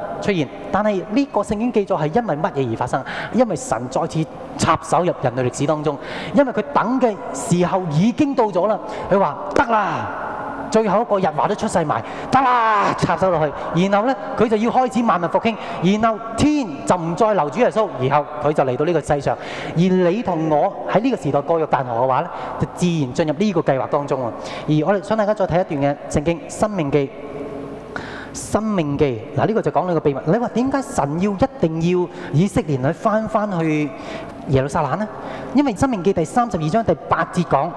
出現，但係呢個聖經記載係因為乜嘢而發生？因為神再次插手入人類歷史當中，因為佢等嘅時候已經到咗啦。佢話得啦，最後一個人話都出世埋，得啦，插手落去，然後咧佢就要開始萬物復興，然後天就唔再留主耶穌，然後佢就嚟到呢個世上。而你同我喺呢個時代過約旦河嘅話咧，就自然進入呢個計劃當中啊。而我哋想大家再睇一段嘅聖經《生命記》。生命記嗱呢、啊這個就講你個秘密。你話點解神要一定要以色列翻翻去耶路撒冷呢？因為《生命記》第三十二章第八節講。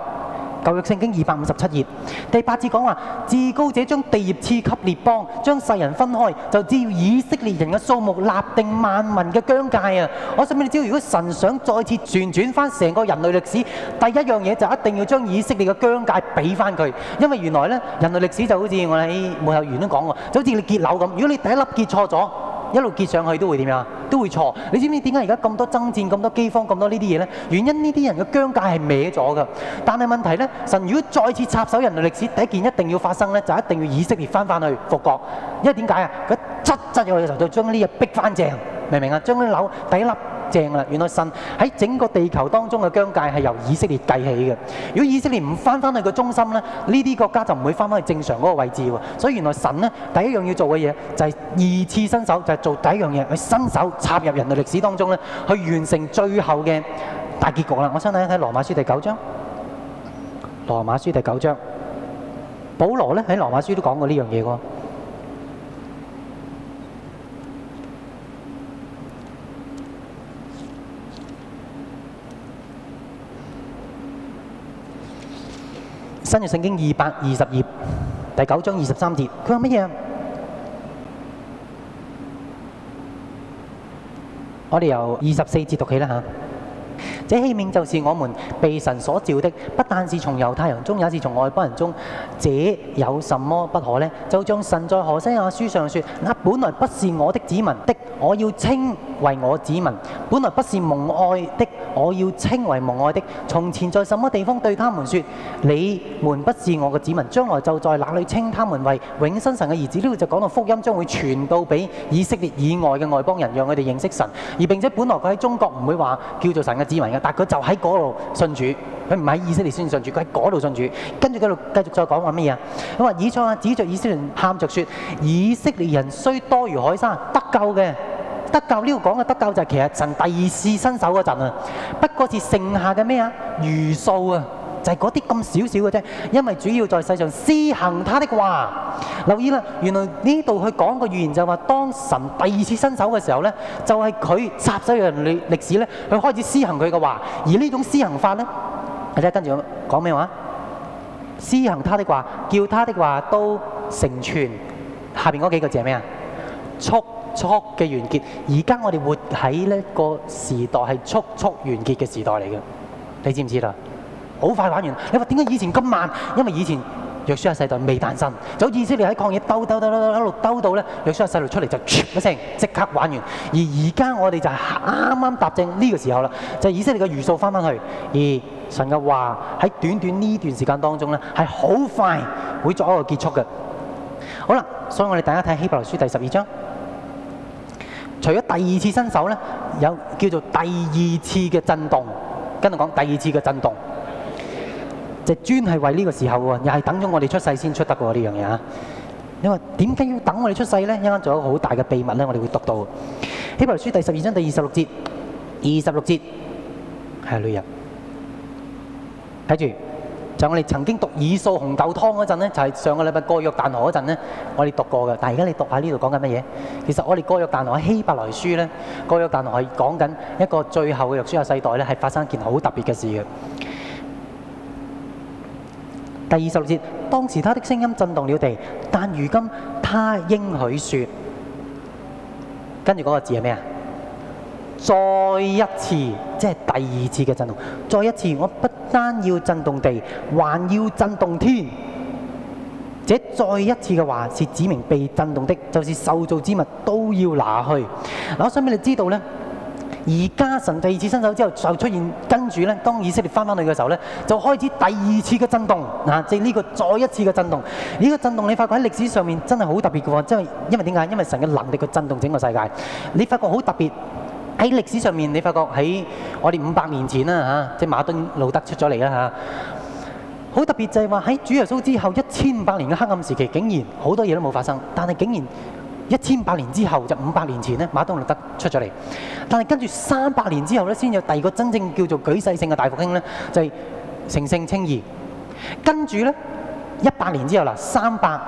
舊約聖經二百五十七頁第八節講話，至高者將地業賜給列邦，將世人分開，就照以色列人嘅數目立定萬民嘅疆界啊！我想問你要如果神想再次轉轉翻成個人類歷史，第一樣嘢就一定要將以色列嘅疆界俾翻佢，因為原來咧人類歷史就好似我喺牧牛員都講過，就好似你結紐咁，如果你第一粒結錯咗。一路結上去都會點樣都會錯。你知唔知點解而家咁多爭戰、咁多饑荒、咁多這些呢啲嘢呢？原因呢啲人嘅疆界係歪咗嘅。但係問題呢，神如果再次插手人類歷史，第一件一定要發生呢，就一定要以色列翻返去復國。因為點解啊？佢一擠擠入去嘅時候，就將呢些逼翻正。明唔明啊？將啲樓抵笠正啦！原來神喺整個地球當中嘅疆界係由以色列計起嘅。如果以色列唔返返去個中心呢，呢啲國家就唔會返返去正常嗰個位置喎。所以原來神第一樣要做嘅嘢就係、是、二次伸手，就係、是、做第一樣嘢去伸手插入人類歷史當中去完成最後嘅大結局啦。我想睇一睇羅馬書第九章。羅馬書第九章，保羅在喺羅馬書都講過呢樣嘢喎。新約聖經二百二十頁第九章二十三節，佢話乜嘢？我哋由二十四節讀起啦嚇。這器皿就是我們被神所召的，不但是從猶太人中，也是從外邦人中。這有什麼不可呢？就像神在何西亞書上說，那本來不是我的子民的，我要稱為我子民。本來不是蒙愛的，我要稱為蒙愛的。從前在什麼地方對他們說，你們不是我嘅子民，將來就在哪裏稱他們為永生神嘅兒子。呢度就講到福音將會傳到俾以色列以外嘅外邦人，讓佢哋認識神。而並且本來佢喺中國唔會話叫做神嘅子民嘅，但佢就喺嗰度信主，佢唔喺以色列先信主，佢喺嗰度信主。跟住佢就繼續再講話乜嘢啊？我話以賽亞指着以色列人喊着說：以色列人雖多如海沙，得救嘅。得救，呢度講嘅得救就係其實神第二次伸手嗰陣啊，不過是剩下嘅咩啊餘數啊，就係嗰啲咁少少嘅啫，因為主要在世上施行他的話。留意啦，原來呢度佢講個預言就係話，當神第二次伸手嘅時候呢，就係、是、佢插手人類歷史呢，佢開始施行佢嘅話。而呢種施行法咧，睇下跟住我講咩話？施行他的話，叫他的話都成全。下邊嗰幾個字係咩啊？速。速嘅完結，而家我哋活喺呢個時代係速速完結嘅時代嚟嘅，你知唔知啦？好快玩完，你話點解以前咁慢？因為以前約書亞世代未誕生，就以色列喺曠野兜兜兜兜一路兜到咧，約書亞世代出嚟就一聲即刻玩完。而而家我哋就係啱啱踏正呢個時候啦，就係以色列嘅餘數翻翻去，而神嘅話喺短短呢段時間當中咧，係好快會作一個結束嘅。好啦，所以我哋大家睇希伯來書第十二章。除咗第二次伸手咧，有叫做第二次嘅震動，跟住講第二次嘅震動，就專係為呢個時候喎，又係等咗我哋出世先出得喎呢樣嘢啊！因為點解要等我哋出世咧？一陣間仲有個好大嘅秘密咧，我哋會讀到《希伯來書》第十二章第二十六節，二十六節係女人，睇住。就我哋曾經讀以掃紅豆湯嗰陣咧，就係、是、上個禮拜過約旦河嗰陣咧，我哋讀過嘅。但而家你讀下呢度講緊乜嘢？其實我哋過約旦河喺希伯來書咧，過約旦河係講緊一個最後嘅約書亞世代呢是係發生一件好特別嘅事嘅。第二十六節，當時他的聲音震動了地，但如今他應許說，跟住嗰個字係咩啊？再一次，即係第二次嘅震動。再一次，我不單要震動地，還要震動天。這再一次嘅話，是指明被震動的，就是受造之物都要拿去。嗱，我想俾你知道呢，而家神第二次伸手之後，就出現跟住呢，當以色列翻返去嘅時候呢，就開始第二次嘅震動。嗱、啊，即係呢個再一次嘅震動。呢、這個震動你發覺喺歷史上面真係好特別嘅，即係因為點解？因為神嘅能力，去震動整個世界。你發覺好特別。喺歷史上面，你發覺喺我哋五百年前啦嚇，即係馬丁路德出咗嚟啦嚇，好特別就係話喺主耶穌之後一千百年嘅黑暗時期，竟然好多嘢都冇發生，但係竟然一千百年之後就五百年前咧，馬丁路德出咗嚟，但係跟住三百年之後咧，先有第二個真正叫做舉世性嘅大復興咧，就係、是、成聖清義，跟住咧一百年之後嗱，三百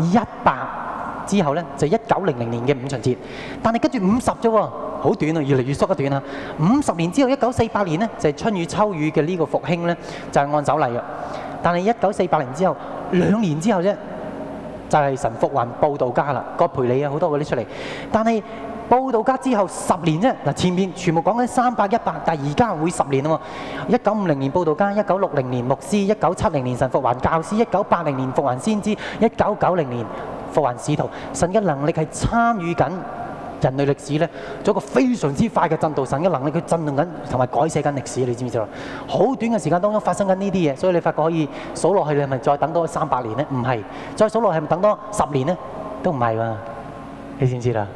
一百。之後呢，就一九零零年嘅五旬節，但係跟住五十啫喎，好短啊，越嚟越縮得短啊。五十年之後，一九四八年呢，就係、是、春雨秋雨嘅呢個復興呢，就係、是、按手禮啊，但係一九四八年之後兩年之後啫就係、是、神復還報道家啦，葛培理啊好多嗰啲出嚟，但係。報道家之後十年啫，嗱前面全部講緊三百一百，但係而家會十年啊嘛！一九五零年報道家，一九六零年牧師，一九七零年神復還教師，一九八零年復還先知，一九九零年復還使徒，神嘅能力係參與緊人類歷史呢，做個非常之快嘅進度，神嘅能力佢震動緊同埋改寫緊歷史，你知唔知啊？好短嘅時間當中發生緊呢啲嘢，所以你發覺可以數落去，你係咪再等多三百年呢？唔係，再數落去，係咪等多十年呢？都唔係喎，你先知啦？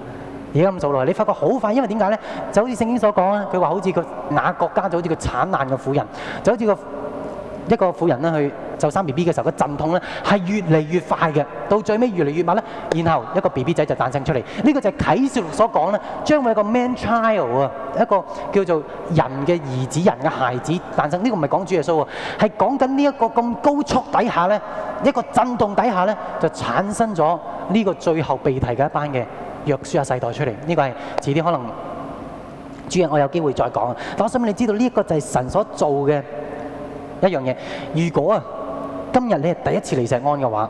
而家咁做落嚟，你發覺好快，因為點解咧？就好似聖經所講咧，佢話好似、個雅各家就好似個產難嘅婦人，就好似個一個婦人咧去就生 B B 嘅時候，個陣痛咧係越嚟越快嘅，到最尾越嚟越密咧，然後一個 B B 仔就誕生出嚟。呢、呢個就係啟示錄所講咧，將會一個 Man Child 啊，一個叫做人嘅兒子、人嘅孩子誕生。呢、呢個唔係講主耶穌喎，係講緊呢一個咁高速底下咧，一個震動底下咧，就產生咗呢個最後被提嘅一班嘅。約書亞世代出嚟，呢個係遲啲可能主人我有機會再講。我想問你知道呢一個就係神所做嘅一樣嘢。如果啊今日你係第一次嚟石安嘅話，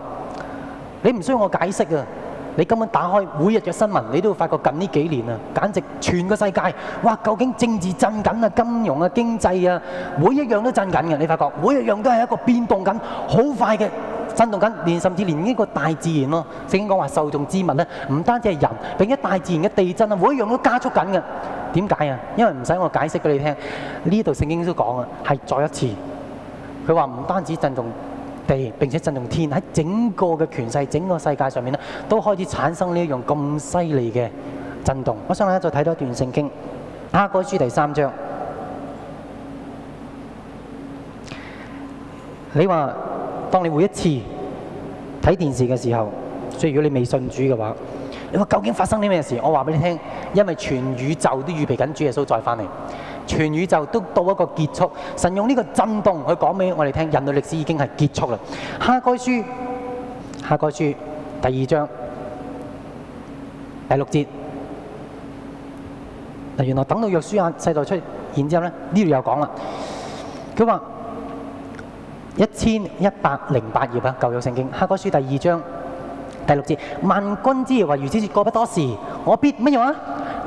你唔需要我解釋啊。你根本打開每日嘅新聞，你都會發覺近呢幾年啊，簡直全個世界哇，究竟政治震緊啊，金融啊，經濟啊，每一樣都震緊嘅。你發覺每一樣都係一個變動緊，好快嘅。震動緊，連甚至連呢個大自然咯，聖經講話受造之物咧，唔單止係人，並且大自然嘅地震啊，每一樣都加速緊嘅。點解啊？因為唔使我解釋俾你聽，呢度聖經都講啊，係再一次。佢話唔單止震動地，並且震動天，喺整個嘅權勢、整個世界上面咧，都開始產生呢樣咁犀利嘅震動。我想我一再睇多一段聖經，哈該書第三章，你話。當你每一次睇電視嘅時候，所以如果你未信主嘅話，你話究竟發生啲咩事？我話俾你聽，因為全宇宙都預備緊主耶穌再返嚟，全宇宙都到一個結束。神用呢個震動去講俾我哋聽，人類歷史已經係結束啦。哈該書，哈該書第二章第六節，原來等到約書亞世代出現，然之後咧，呢度又講啦，佢話一千一百零八頁啊，舊約聖經黑哥書第二章第六節，萬軍之耶和華如此説：過不多時，我必乜嘢啊？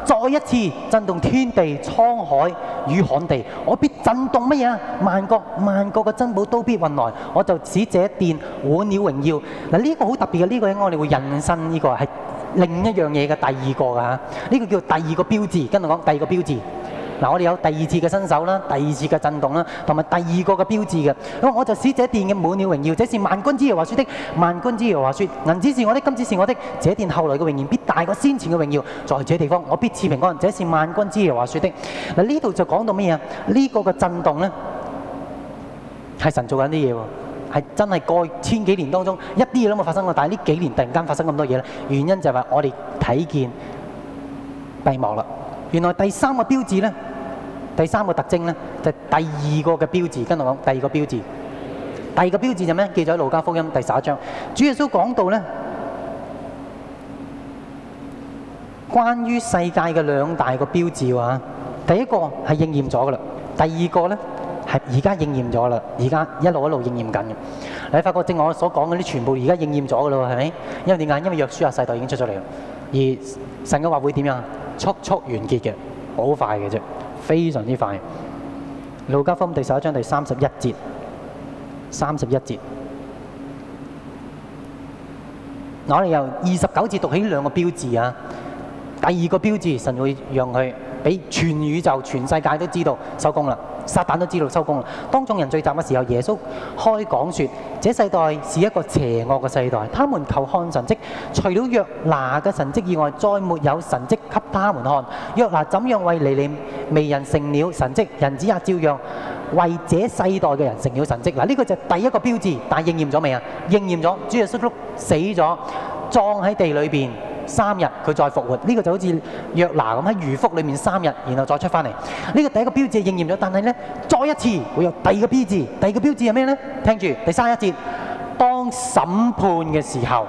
再一次震動天地、滄海與旱地，我必震動乜嘢啊？萬國萬國嘅珍寶都必運來，我就使這一殿，我鳥榮耀嗱。呢個好特別嘅、啊，呢、這個我哋會引申呢個係另一樣嘢嘅第二個啊。呢、這個叫第二個標誌，跟住我講第二個標誌。嗱，我哋有第二次嘅新手啦，第二次嘅震動啦，同埋第二個嘅標誌嘅。因我就使這殿嘅滿了榮耀，這是萬軍之耶和華說的，萬軍之耶和華說，銀子是我的，金子是我的，這殿後來嘅榮耀必大過先前嘅榮耀，在這地方我必賜平安，這是萬軍之耶和華說的。嗱，呢度就講到咩啊？呢個嘅震動呢，係神做緊啲嘢喎，係真係過千幾年當中一啲嘢都冇發生過，但係呢幾年突然間發生咁多嘢咧，原因就係我哋睇見閉幕啦。原來第三個標誌咧，第三個特徵咧，就係第二個嘅標誌。跟住我講第二個標誌，第二個標誌就咩？記喺路加福音第十一章，主耶穌講到咧，關於世界嘅兩大個標誌喎嚇。第一個係應驗咗噶啦，第二個咧係而家應驗咗啦，而家一路一路應驗緊嘅。你發覺正如我所講嗰啲全部而家應驗咗噶啦，係咪？因為點解？因為約書亞世代已經出咗嚟啦。而神嘅話會點啊？速速完結嘅，好快嘅啫，非常之快。路加福音第十一章第三十一節，三十一節，我哋由二十九節讀起，兩個標誌啊。第二個標誌，神會讓佢俾全宇宙、全世界都知道收工啦。撒旦都知道收工啦。當眾人聚集嘅時候，耶穌開講說，這世代是一個邪惡嘅世代，他們求看神跡，除了約拿嘅神跡以外，再沒有神跡給他們看。約拿怎樣為尼尼微人成了神跡，人子也照樣為這世代嘅人成了神跡。嗱，呢、啊這個就是第一個標誌，但應驗咗未啊？應驗咗，主耶穌死咗，葬喺地裏邊。三日佢再復活，呢個就好似約拿咁喺魚腹裏面三日，然後再出返嚟。呢個第一個標誌應驗咗，但係呢，再一次會有第二個標誌，第二個標誌係咩呢？聽住第三一節，當審判嘅時候，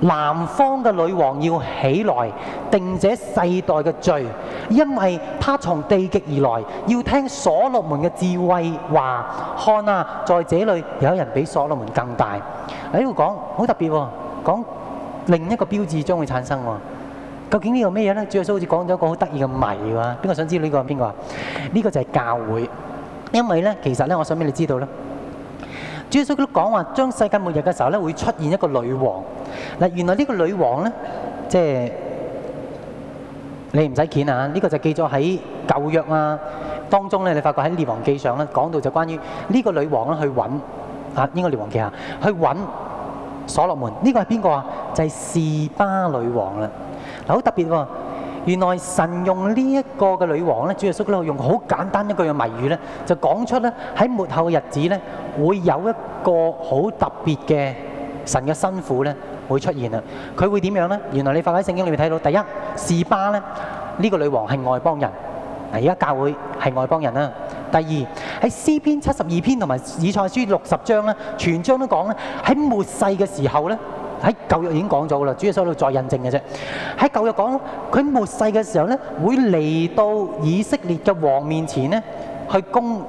南方嘅女王要起來定這世代嘅罪，因為她從地極而來，要聽所羅門嘅智慧話。看啊，在這裏有人比所羅門更大。喺度講好特別，啊，講。另一個標誌將會產生喎，究竟呢個咩嘢咧？主耶穌好似講咗一個好得意嘅謎喎，邊個想知呢個？邊個啊？呢個就係教會，因為咧，其實咧，我想俾你知道咧，主耶穌都講話將世界末日嘅時候咧，會出現一個女王。嗱，原來呢個女王咧，即係你唔使見啊！呢個就記咗喺舊約啊當中咧，你發覺喺列王記上咧講到就關於呢個女王咧去揾啊，應該列王記啊，去揾。所羅門呢，這個係邊個啊？就係、是、示巴女王啦。嗱，好特別喎，哦。原來神用呢一個嘅女王呢，主耶穌咧用好簡單一句嘅謎語呢，就講出呢：「喺末後嘅日子呢，會有一個好特別嘅神嘅辛苦呢會出現啦。佢會點樣呢？原來你發喺聖經裏面睇到，第一示巴呢，呢，這個女王係外邦人。而家教會係外邦人啦、啊。第二喺詩篇七十二篇同埋以賽書六十章咧、啊，全章都講咧喺末世嘅時候咧，喺舊約已經講咗啦，主耶穌喺度再印證嘅啫。喺舊約講，佢末世嘅時候咧，會嚟到以色列嘅王面前咧，去供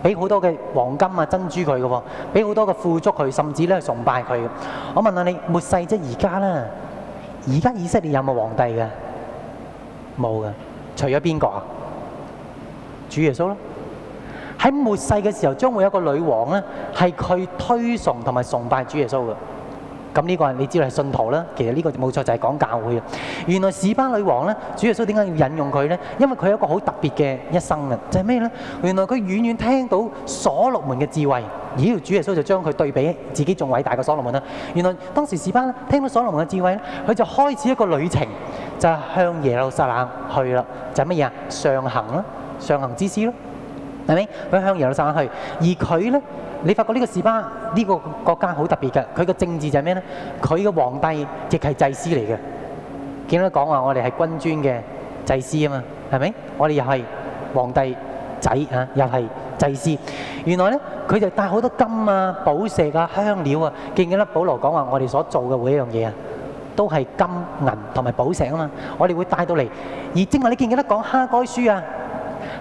俾好多嘅黃金啊、珍珠佢嘅、啊，俾好多嘅富足佢，甚至咧崇拜佢。我問下你，末世即係而家啦，而家以色列有冇皇帝嘅？冇嘅，除咗邊個啊？主耶穌啦，喺末世嘅時候，將會有個女王呢，係佢推崇同埋崇拜主耶穌嘅。咁呢、這個係你知道係信徒啦。其實呢個冇錯就係、是、講教會。原來士班女王呢，主耶穌點解要引用佢呢？因為佢有一個好特別嘅一生嘅，就係、是、咩呢？原來佢遠遠聽到所羅門嘅智慧，咦？主耶穌就將佢對比自己仲偉大嘅所羅門啦。原來當時士班聽到所羅門嘅智慧呢，佢就開始一個旅程，就係向耶路撒冷去啦。就係乜嘢啊？上行啦。上行之詩咯，係咪佢向耶路撒冷上去？而佢咧，你發覺呢個示巴呢個國家好特別嘅，佢嘅政治就係咩咧？佢嘅皇帝亦係祭司嚟嘅。見到講話，我哋係君尊嘅祭司啊嘛，係咪？我哋又係皇帝仔啊，又係祭司。原來咧，佢就帶好多金啊、寶石啊、香料啊。記唔記得？保羅講話，我哋所做嘅每一樣嘢啊，都係金銀同埋寶石啊嘛。我哋會帶到嚟。而正話，你記唔記得講《哈該書》啊？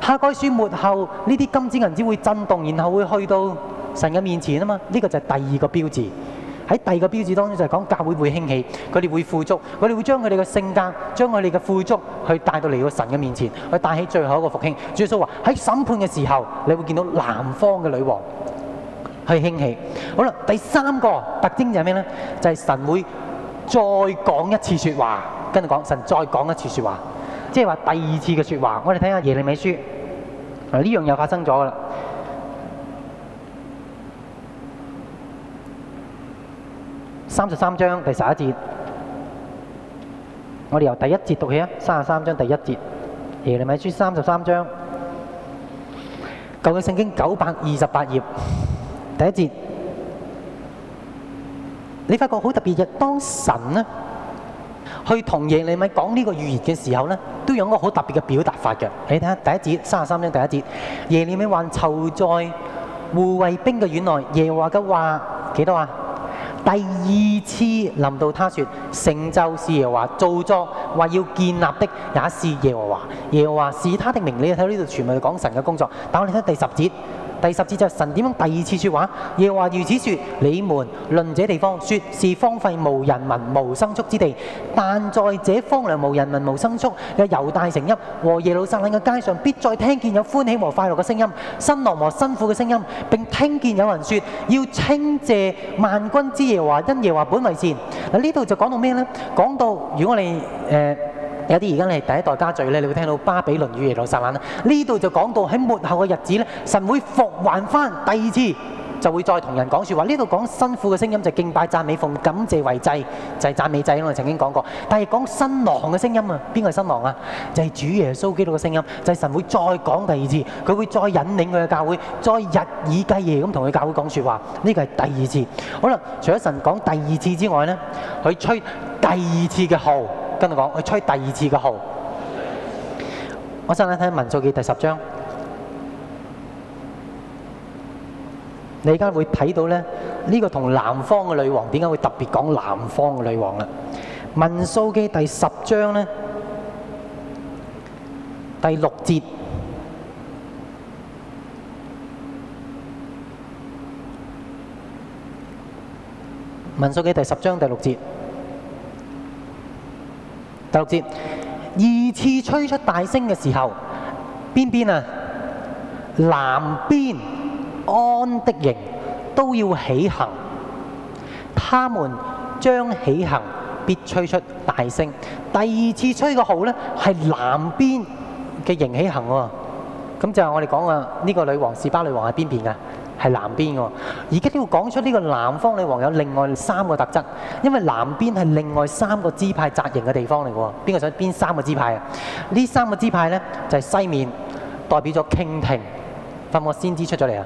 下季書末後，呢啲金子銀子會震動，然後會去到神嘅面前啊嘛！呢、這個就係第二個標誌。喺第二個標誌當中就係講教會會興起，佢哋會富足，佢哋會將佢哋嘅性格、將佢哋嘅富足去帶到嚟個神嘅面前，去帶起最後一個復興。耶穌話喺審判嘅時候，你會見到南方嘅女王去興起。好啦，第三個特徵就係咩咧？就係、是、神會再講一次説話，跟住講神再講一次説話。即係話第二次嘅說話，我哋睇下耶利米書，啊呢樣又發生咗啦。三十三章第十一節，我哋由第一節讀起啊，三十三章第一節，耶利米書三十三章，舊嘅聖經九百二十八頁第一節，你發覺好特別嘅，當神咧。去同耶利米講呢個預言嘅時候呢，都有一個好特別嘅表達法嘅。你睇下第一節，三十三章第一節，耶利米還囚在護衛兵嘅院內。耶和華嘅話幾多啊？第二次臨到他説，成就是耶和華造作，話要建立的也是耶和華。耶和華是他的名。你睇呢度全部講神嘅工作。但我哋睇第十節。第十節就係神點樣第二次説話，耶華如此説：你們論這地方，説是荒廢無人民、無生畜之地；但在這荒涼無人民、無生畜嘅猶大城邑和耶路撒冷嘅街上，必再聽見有歡喜和快樂嘅聲音、新郎和新婦嘅聲音，並聽見有人説：要稱謝萬軍之耶華，因耶華本為善。嗱，呢度就講到咩咧？講到如果我哋誒。有啲而家你係第一代家敘咧，你會聽到巴比倫與耶路撒冷。啦。呢度就講到喺末後嘅日子咧，神會復還翻第二次，就會再同人講説話。呢度講新婦嘅聲音就是、敬拜讚美奉感謝為祭，就係、是、讚美祭因我曾經講過。但係講新郎嘅聲音啊，邊個係新郎啊？就係、是、主耶穌基督嘅聲音，就係、是、神會再講第二次，佢會再引領佢嘅教會，再日以繼夜咁同佢教會講説話。呢個係第二次。好啦，除咗神講第二次之外咧，佢吹第二次嘅號。跟住講，我吹第二次嘅號。我陣間睇《民數記》第十章，你而家會睇到咧。呢個同南方嘅女王點解會特別講南方嘅女王啦？《民數記》第十章咧，第六節，《民數記》第十章第六節。第六節，二次吹出大聲嘅時候，邊邊啊？南邊安的營都要起行，他們將起行必吹出大聲。第二次吹個號呢，係南邊嘅營起行喎。咁就係我哋講嘅，呢個女王示巴女王係邊邊㗎？係南邊喎，而家都要講出呢個南方女王有另外三個特質，因為南邊係另外三個支派紮營嘅地方嚟嘅喎。邊個想邊三個支派啊？呢三個支派呢，就係、是、西面，代表咗傾聽，聽，盼望先知出咗嚟啦，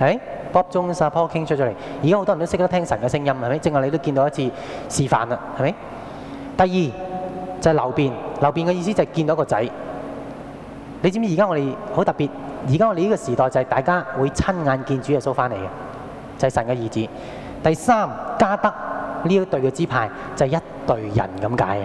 係咪？Bob Jones、Paul King 出咗嚟。而家好多人都識得聽神嘅聲音，係咪？正話你都見到一次示範啦，係咪？第二就係、是、流便，流便嘅意思就係見到一個仔。你知唔知而家我哋好特別？而家我哋呢個時代就係大家會親眼見主耶穌翻嚟嘅，就係、是、神嘅意志。第三加得呢一隊嘅支派就係一隊人咁解嘅，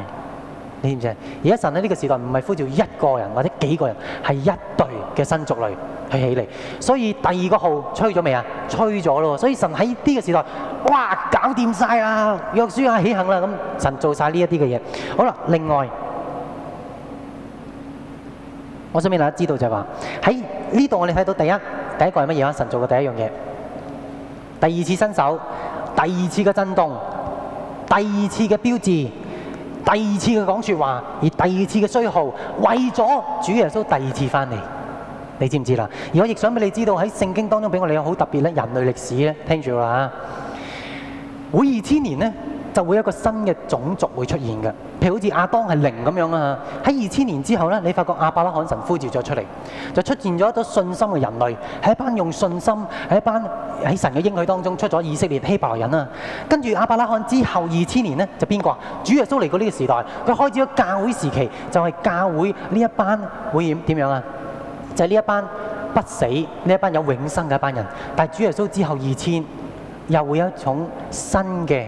你知唔知啊？而家神喺呢個時代唔係呼召一個人或者幾個人，係一隊嘅新族類去起嚟。所以第二個號吹咗未啊？吹咗咯。所以神喺呢個時代，哇搞掂晒啦，約書亞起行啦，咁神做晒呢一啲嘅嘢。好啦，另外我想俾大家知道就係話喺。呢度我哋睇到第一，第一個係乜嘢啊？神做嘅第一樣嘢，第二次伸手，第二次嘅震動，第二次嘅標誌，第二次嘅講説話，而第二次嘅衰耗，為咗主耶穌第二次翻嚟，你知唔知啦？而我亦想俾你知道喺聖經當中俾我哋有好特別咧人類歷史咧，聽住啦啊！每二千年咧。就會有一個新嘅種族會出現嘅，譬如好似亞當係零咁樣啊！喺二千年之後呢，你發覺阿伯拉罕神呼召咗出嚟，就出現咗一組信心嘅人類，喺一班用信心，喺一班喺神嘅應許當中出咗以色列希伯來人啊！跟住阿伯拉罕之後二千年呢，就邊個？主耶穌嚟過呢個時代，佢開始咗教會時期，就係教會呢一班會點點樣啊？就係呢一班不死，呢一班有永生嘅一班人。但係主耶穌之後二千又會有一種新嘅。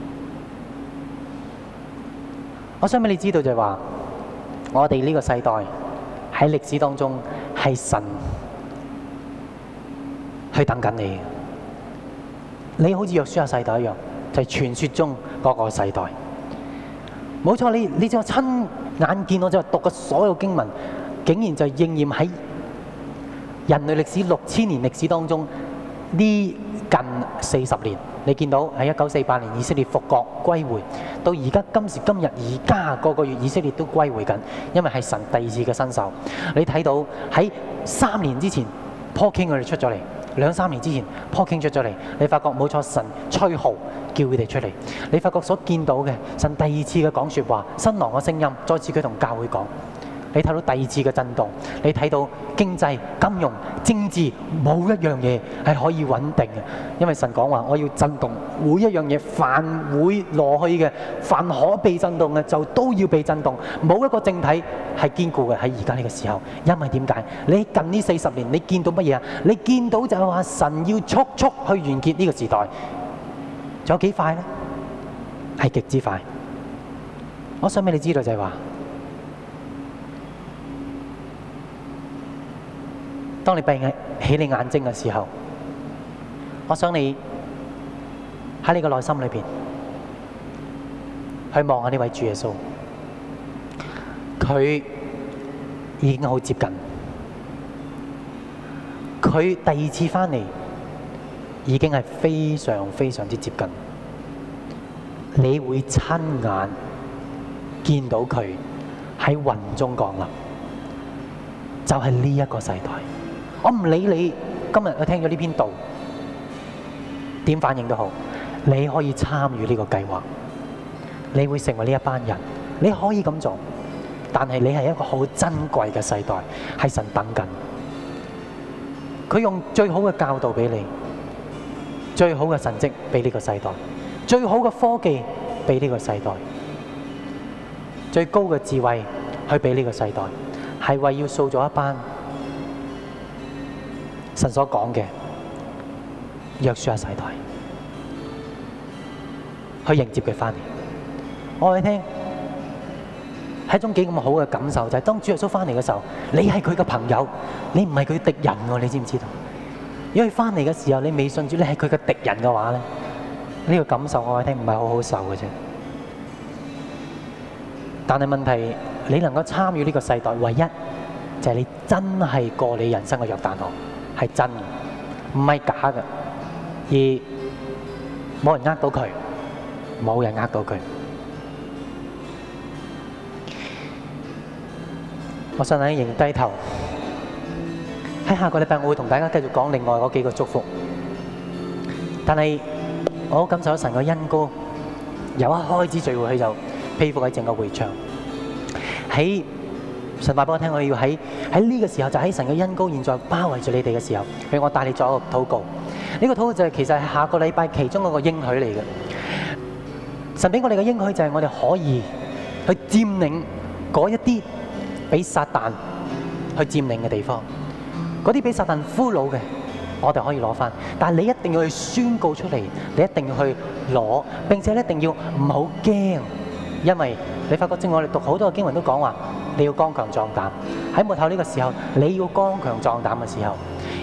我想俾你知道就係話，我哋呢個世代喺歷史當中係神去等緊你。你好似約書亞世代一樣，就係傳説中嗰個世代。冇錯，你你就親眼見到，就係讀嘅所有經文，竟然就應驗喺人類歷史六千年歷史當中呢？近四十年，你見到喺一九四八年以色列復國歸回，到而家今時今日，而家個個月以色列都歸回緊，因為係神第二次嘅伸手。你睇到喺三年之前 Parking 佢哋出咗嚟，兩三年之前 Parking 出咗嚟，你發覺冇錯，神吹號叫佢哋出嚟。你發覺所見到嘅神第二次嘅講説話，新郎嘅聲音再次佢同教會講。你睇到第二次嘅震動，你睇到經濟、金融、政治冇一樣嘢係可以穩定嘅，因為神講話我要震動每一樣嘢，凡會挪去嘅，凡可被震動嘅就都要被震動，冇一個政體係堅固嘅喺而家呢個時候。因為點解？你近呢四十年你見到乜嘢？你見到就係話神要速速去完結呢個時代，仲有幾快呢？係極之快。我想俾你知道就係話。當你閉眼起你眼睛嘅時候，我想你喺你嘅內心裏面去望下呢位主耶穌，佢已經好接近，佢第二次返嚟已經係非常非常之接近，你會親眼見到佢喺雲中降臨，就係呢一個世代。我唔理你今日去聽咗呢篇道點反應都好，你可以參與呢個計劃，你會成為呢一班人，你可以咁做，但係你係一個好珍貴嘅世代，係神等緊，佢用最好嘅教導俾你，最好嘅神蹟俾呢個世代，最好嘅科技俾呢個世代，最高嘅智慧去俾呢個世代，係為要塑造一班。神所講嘅，約書亞世代去迎接佢翻嚟，我哋聽係一種幾咁好嘅感受，就係、是、當主耶穌翻嚟嘅時候，你係佢嘅朋友，你唔係佢敵人喎，你知唔知道？因為翻嚟嘅時候，你未信主，你係佢嘅敵人嘅話咧，呢個感受我哋聽唔係好好受嘅啫。但係問題，你能夠參與呢個世代，唯一就係、是、你真係過你人生嘅約旦河。係真嘅，唔係假嘅，而冇人呃到佢，冇人呃到佢。我真係要認低頭。喺下個禮拜，我會同大家繼續講另外嗰幾個祝福。但係我感受神嘅恩歌，由一開始聚會，佢就披覆喺整個會場。喺神話俾我聽，我要喺喺呢個時候，就喺神嘅恩膏現在包圍住你哋嘅時候，俾我帶你做一個禱告。呢個禱告就係其實係下個禮拜其中一個應許嚟嘅。神俾我哋嘅應許就係我哋可以去佔領嗰一啲俾撒旦去佔領嘅地方，嗰啲俾撒旦俘虜嘅，我哋可以攞翻。但係你一定要去宣告出嚟，你一定要去攞，並且一定要唔好驚，因為你發覺正如我哋讀好多嘅經文都講話。你要剛強壯膽，在末後呢個時候，你要剛強壯膽的時候，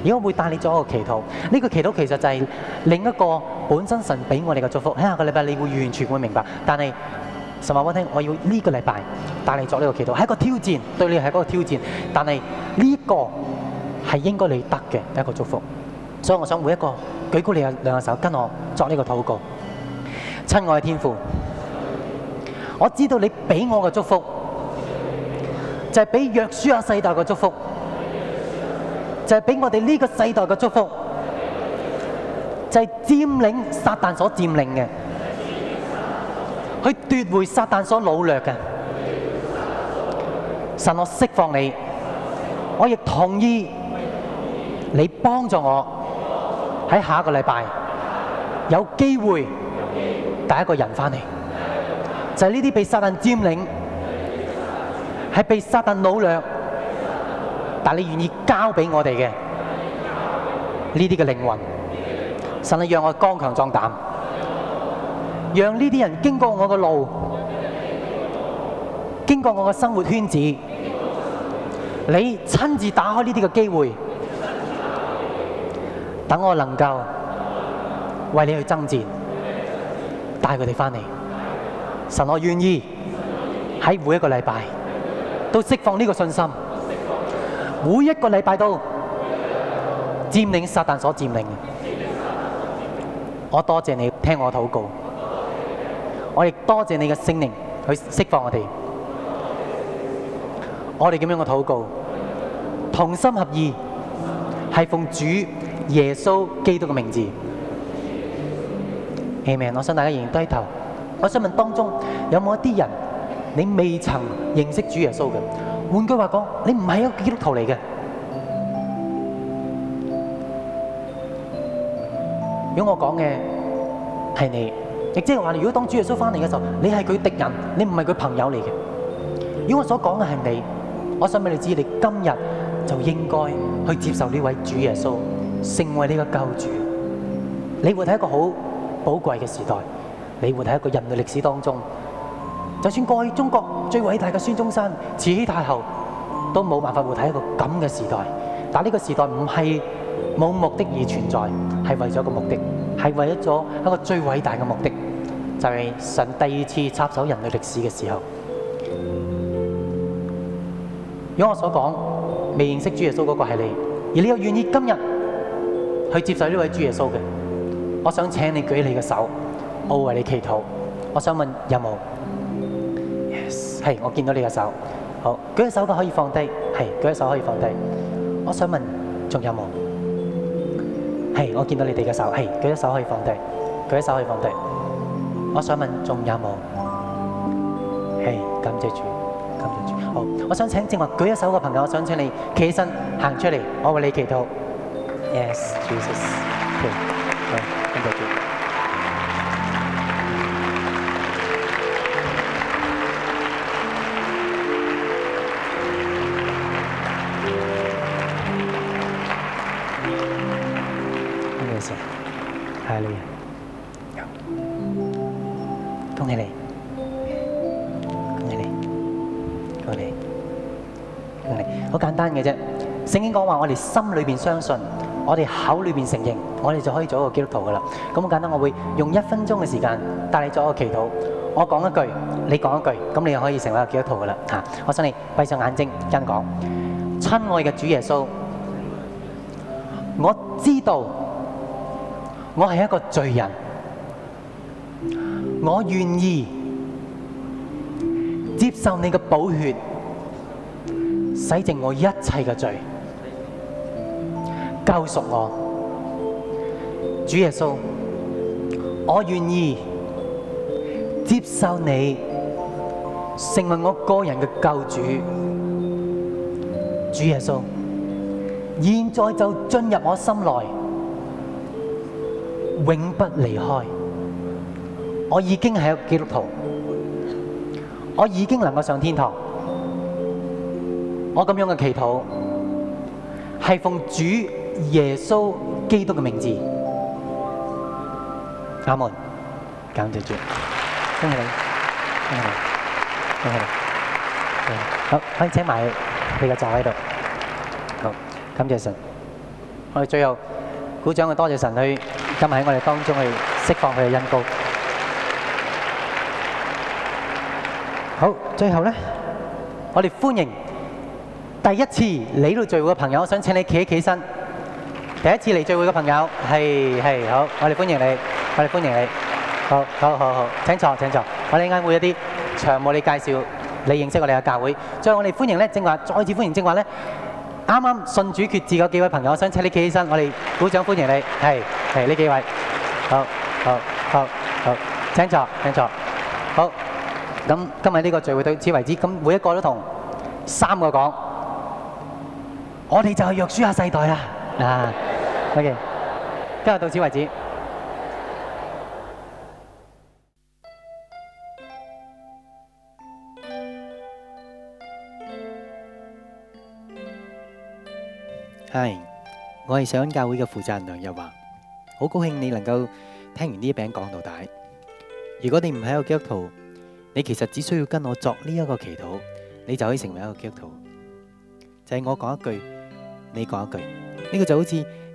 而我會帶你做一個祈禱。這個祈禱其實就是另一個本身神給我的祝福。喺下個禮拜你會完全會明白。但是神話我聽，我要這個禮拜帶你做這個祈禱，是一個挑戰，對你是一個挑戰。但是這個是應該你得的一個祝福。所以我想每一個舉高你嘅兩隻手，跟我做這個禱告。親愛的天父，我知道你給我的祝福，就係俾約書亞世代嘅祝福，就係俾我哋呢個世代嘅祝福，就係佔領撒但所佔領嘅，去奪回撒但所擄掠嘅。神我釋放你，我亦同意你幫助我，喺下一個禮拜有機會帶一個人翻嚟，就係呢啲被撒但佔領。是被撒但擄掠，但你願意交畀我哋嘅呢啲靈魂，神你讓我剛強壯膽，讓呢啲人經過我嘅路，經過我嘅生活圈子，你親自打開呢啲嘅機會，等我能夠為你去爭戰，帶佢哋返嚟，神我願意喺每一個禮拜。都釋放呢個信心，每一個禮拜都佔領撒旦所佔領。我多謝你聽我嘅禱告，我亦多謝你嘅聖靈去釋放我哋。我哋噉樣嘅禱告？同心合意，係奉主耶穌基督嘅名字。阿們，我想大家仍然低頭。我想問當中有冇一啲人？你未曾認識主耶穌嘅，換句話講，你唔係一個基督徒嚟嘅。如果我講嘅係你，亦即係話，如果當主耶穌翻嚟嘅時候，你係佢敵人，你唔係佢朋友嚟嘅。如果我所講嘅係你，我想俾你知，你今日就應該去接受呢位主耶穌，成為呢個救主。你會喺一個好寶貴嘅時代，你會喺一個人類歷史當中。就算過去中國最偉大嘅孫中山、慈禧太后，都冇辦法會睇一個咁嘅時代。但呢個時代唔係冇目的而存在，係為咗一個目的，係為咗一個最偉大嘅目的，就係、是、神第二次插手人類歷史嘅時候。如果我所講未認識主耶穌嗰個係你，而你又願意今日去接受呢位主耶穌嘅，我想請你舉你嘅手，我會為你祈禱。我想問有冇？係、hey,，我見到你嘅手。好，舉隻手嘅可以放低。係，舉隻手可以放低、hey,。我想問，仲有冇？係、hey,，我見到你哋嘅手。係、hey,，舉隻手可以放低。舉隻手可以放低。我想問，仲有冇？係、hey,，感謝主，感謝主。好，我想請正話舉一手嘅朋友，我想請你企起身行出嚟，我為你祈禱。Yes, Jesus. 我哋心裏邊相信，我哋口裏邊承認，我哋就可以做一個基督徒噶啦。咁簡單，我會用一分鐘嘅時間帶你做一個祈禱。我講一句，你講一句，咁你就可以成為一個基督徒噶啦。吓，我想你閉上眼睛，跟講：親愛嘅主耶穌，我知道我係一個罪人，我願意接受你嘅寶血洗淨我一切嘅罪。救贖我，主耶穌，我願意接受你成為我個人嘅救主。主耶穌，現在就進入我心內，永不離開。我已經係一個基督徒，我已經能夠上天堂。我咁樣嘅祈禱，係奉主。耶穌基督嘅名字，阿門，感謝主，恭喜你，恭喜你，恭喜你。好，可以請埋佢嘅座喺度。好，感謝神。我哋最後鼓掌去多謝神，去今日喺我哋當中去釋放佢嘅恩膏。好，最後咧，我哋歡迎第一次嚟到聚會嘅朋友，我想請你企一企身。第一次嚟聚會嘅朋友係係好，我哋歡迎你，我哋歡迎你。好好好好，請坐請坐。我哋陣間會一啲長務嚟介紹你認識我哋嘅教會。最後我哋歡迎咧，正話再次歡迎正話咧，啱啱信主決志嗰幾位朋友，想請你企起身，我哋鼓掌歡迎你。係係呢幾位。好好好好，請坐請坐。好，咁今日呢個聚會到此為止。咁每一個都同三個講，我哋就係約書亞世代啦啊！OK，今日到此為止。係，我係上恩教會嘅負責人梁日華，好高興你能夠聽完呢一篇講道。如果你唔係一個基督徒，你其實只需要跟我作呢一個祈禱，你就可以成為一個基督徒。就係我講一句，你講一句，呢個就好似～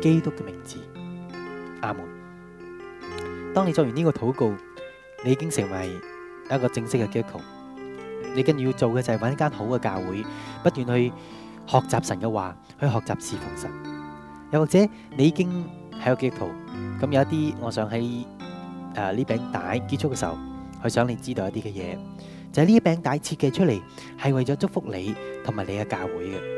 基督嘅名字，阿門。當你作完呢個禱告，你已經成為一個正式嘅基督徒。你跟住要做嘅就係揾一間好嘅教會，不斷去學習神嘅話，去學習侍奉神。又或者你已經係個基督徒，咁有一啲，我想喺誒呢餅帶結束嘅時候，去想你知道一啲嘅嘢，就係呢餅帶設計出嚟係為咗祝福你同埋你嘅教會嘅。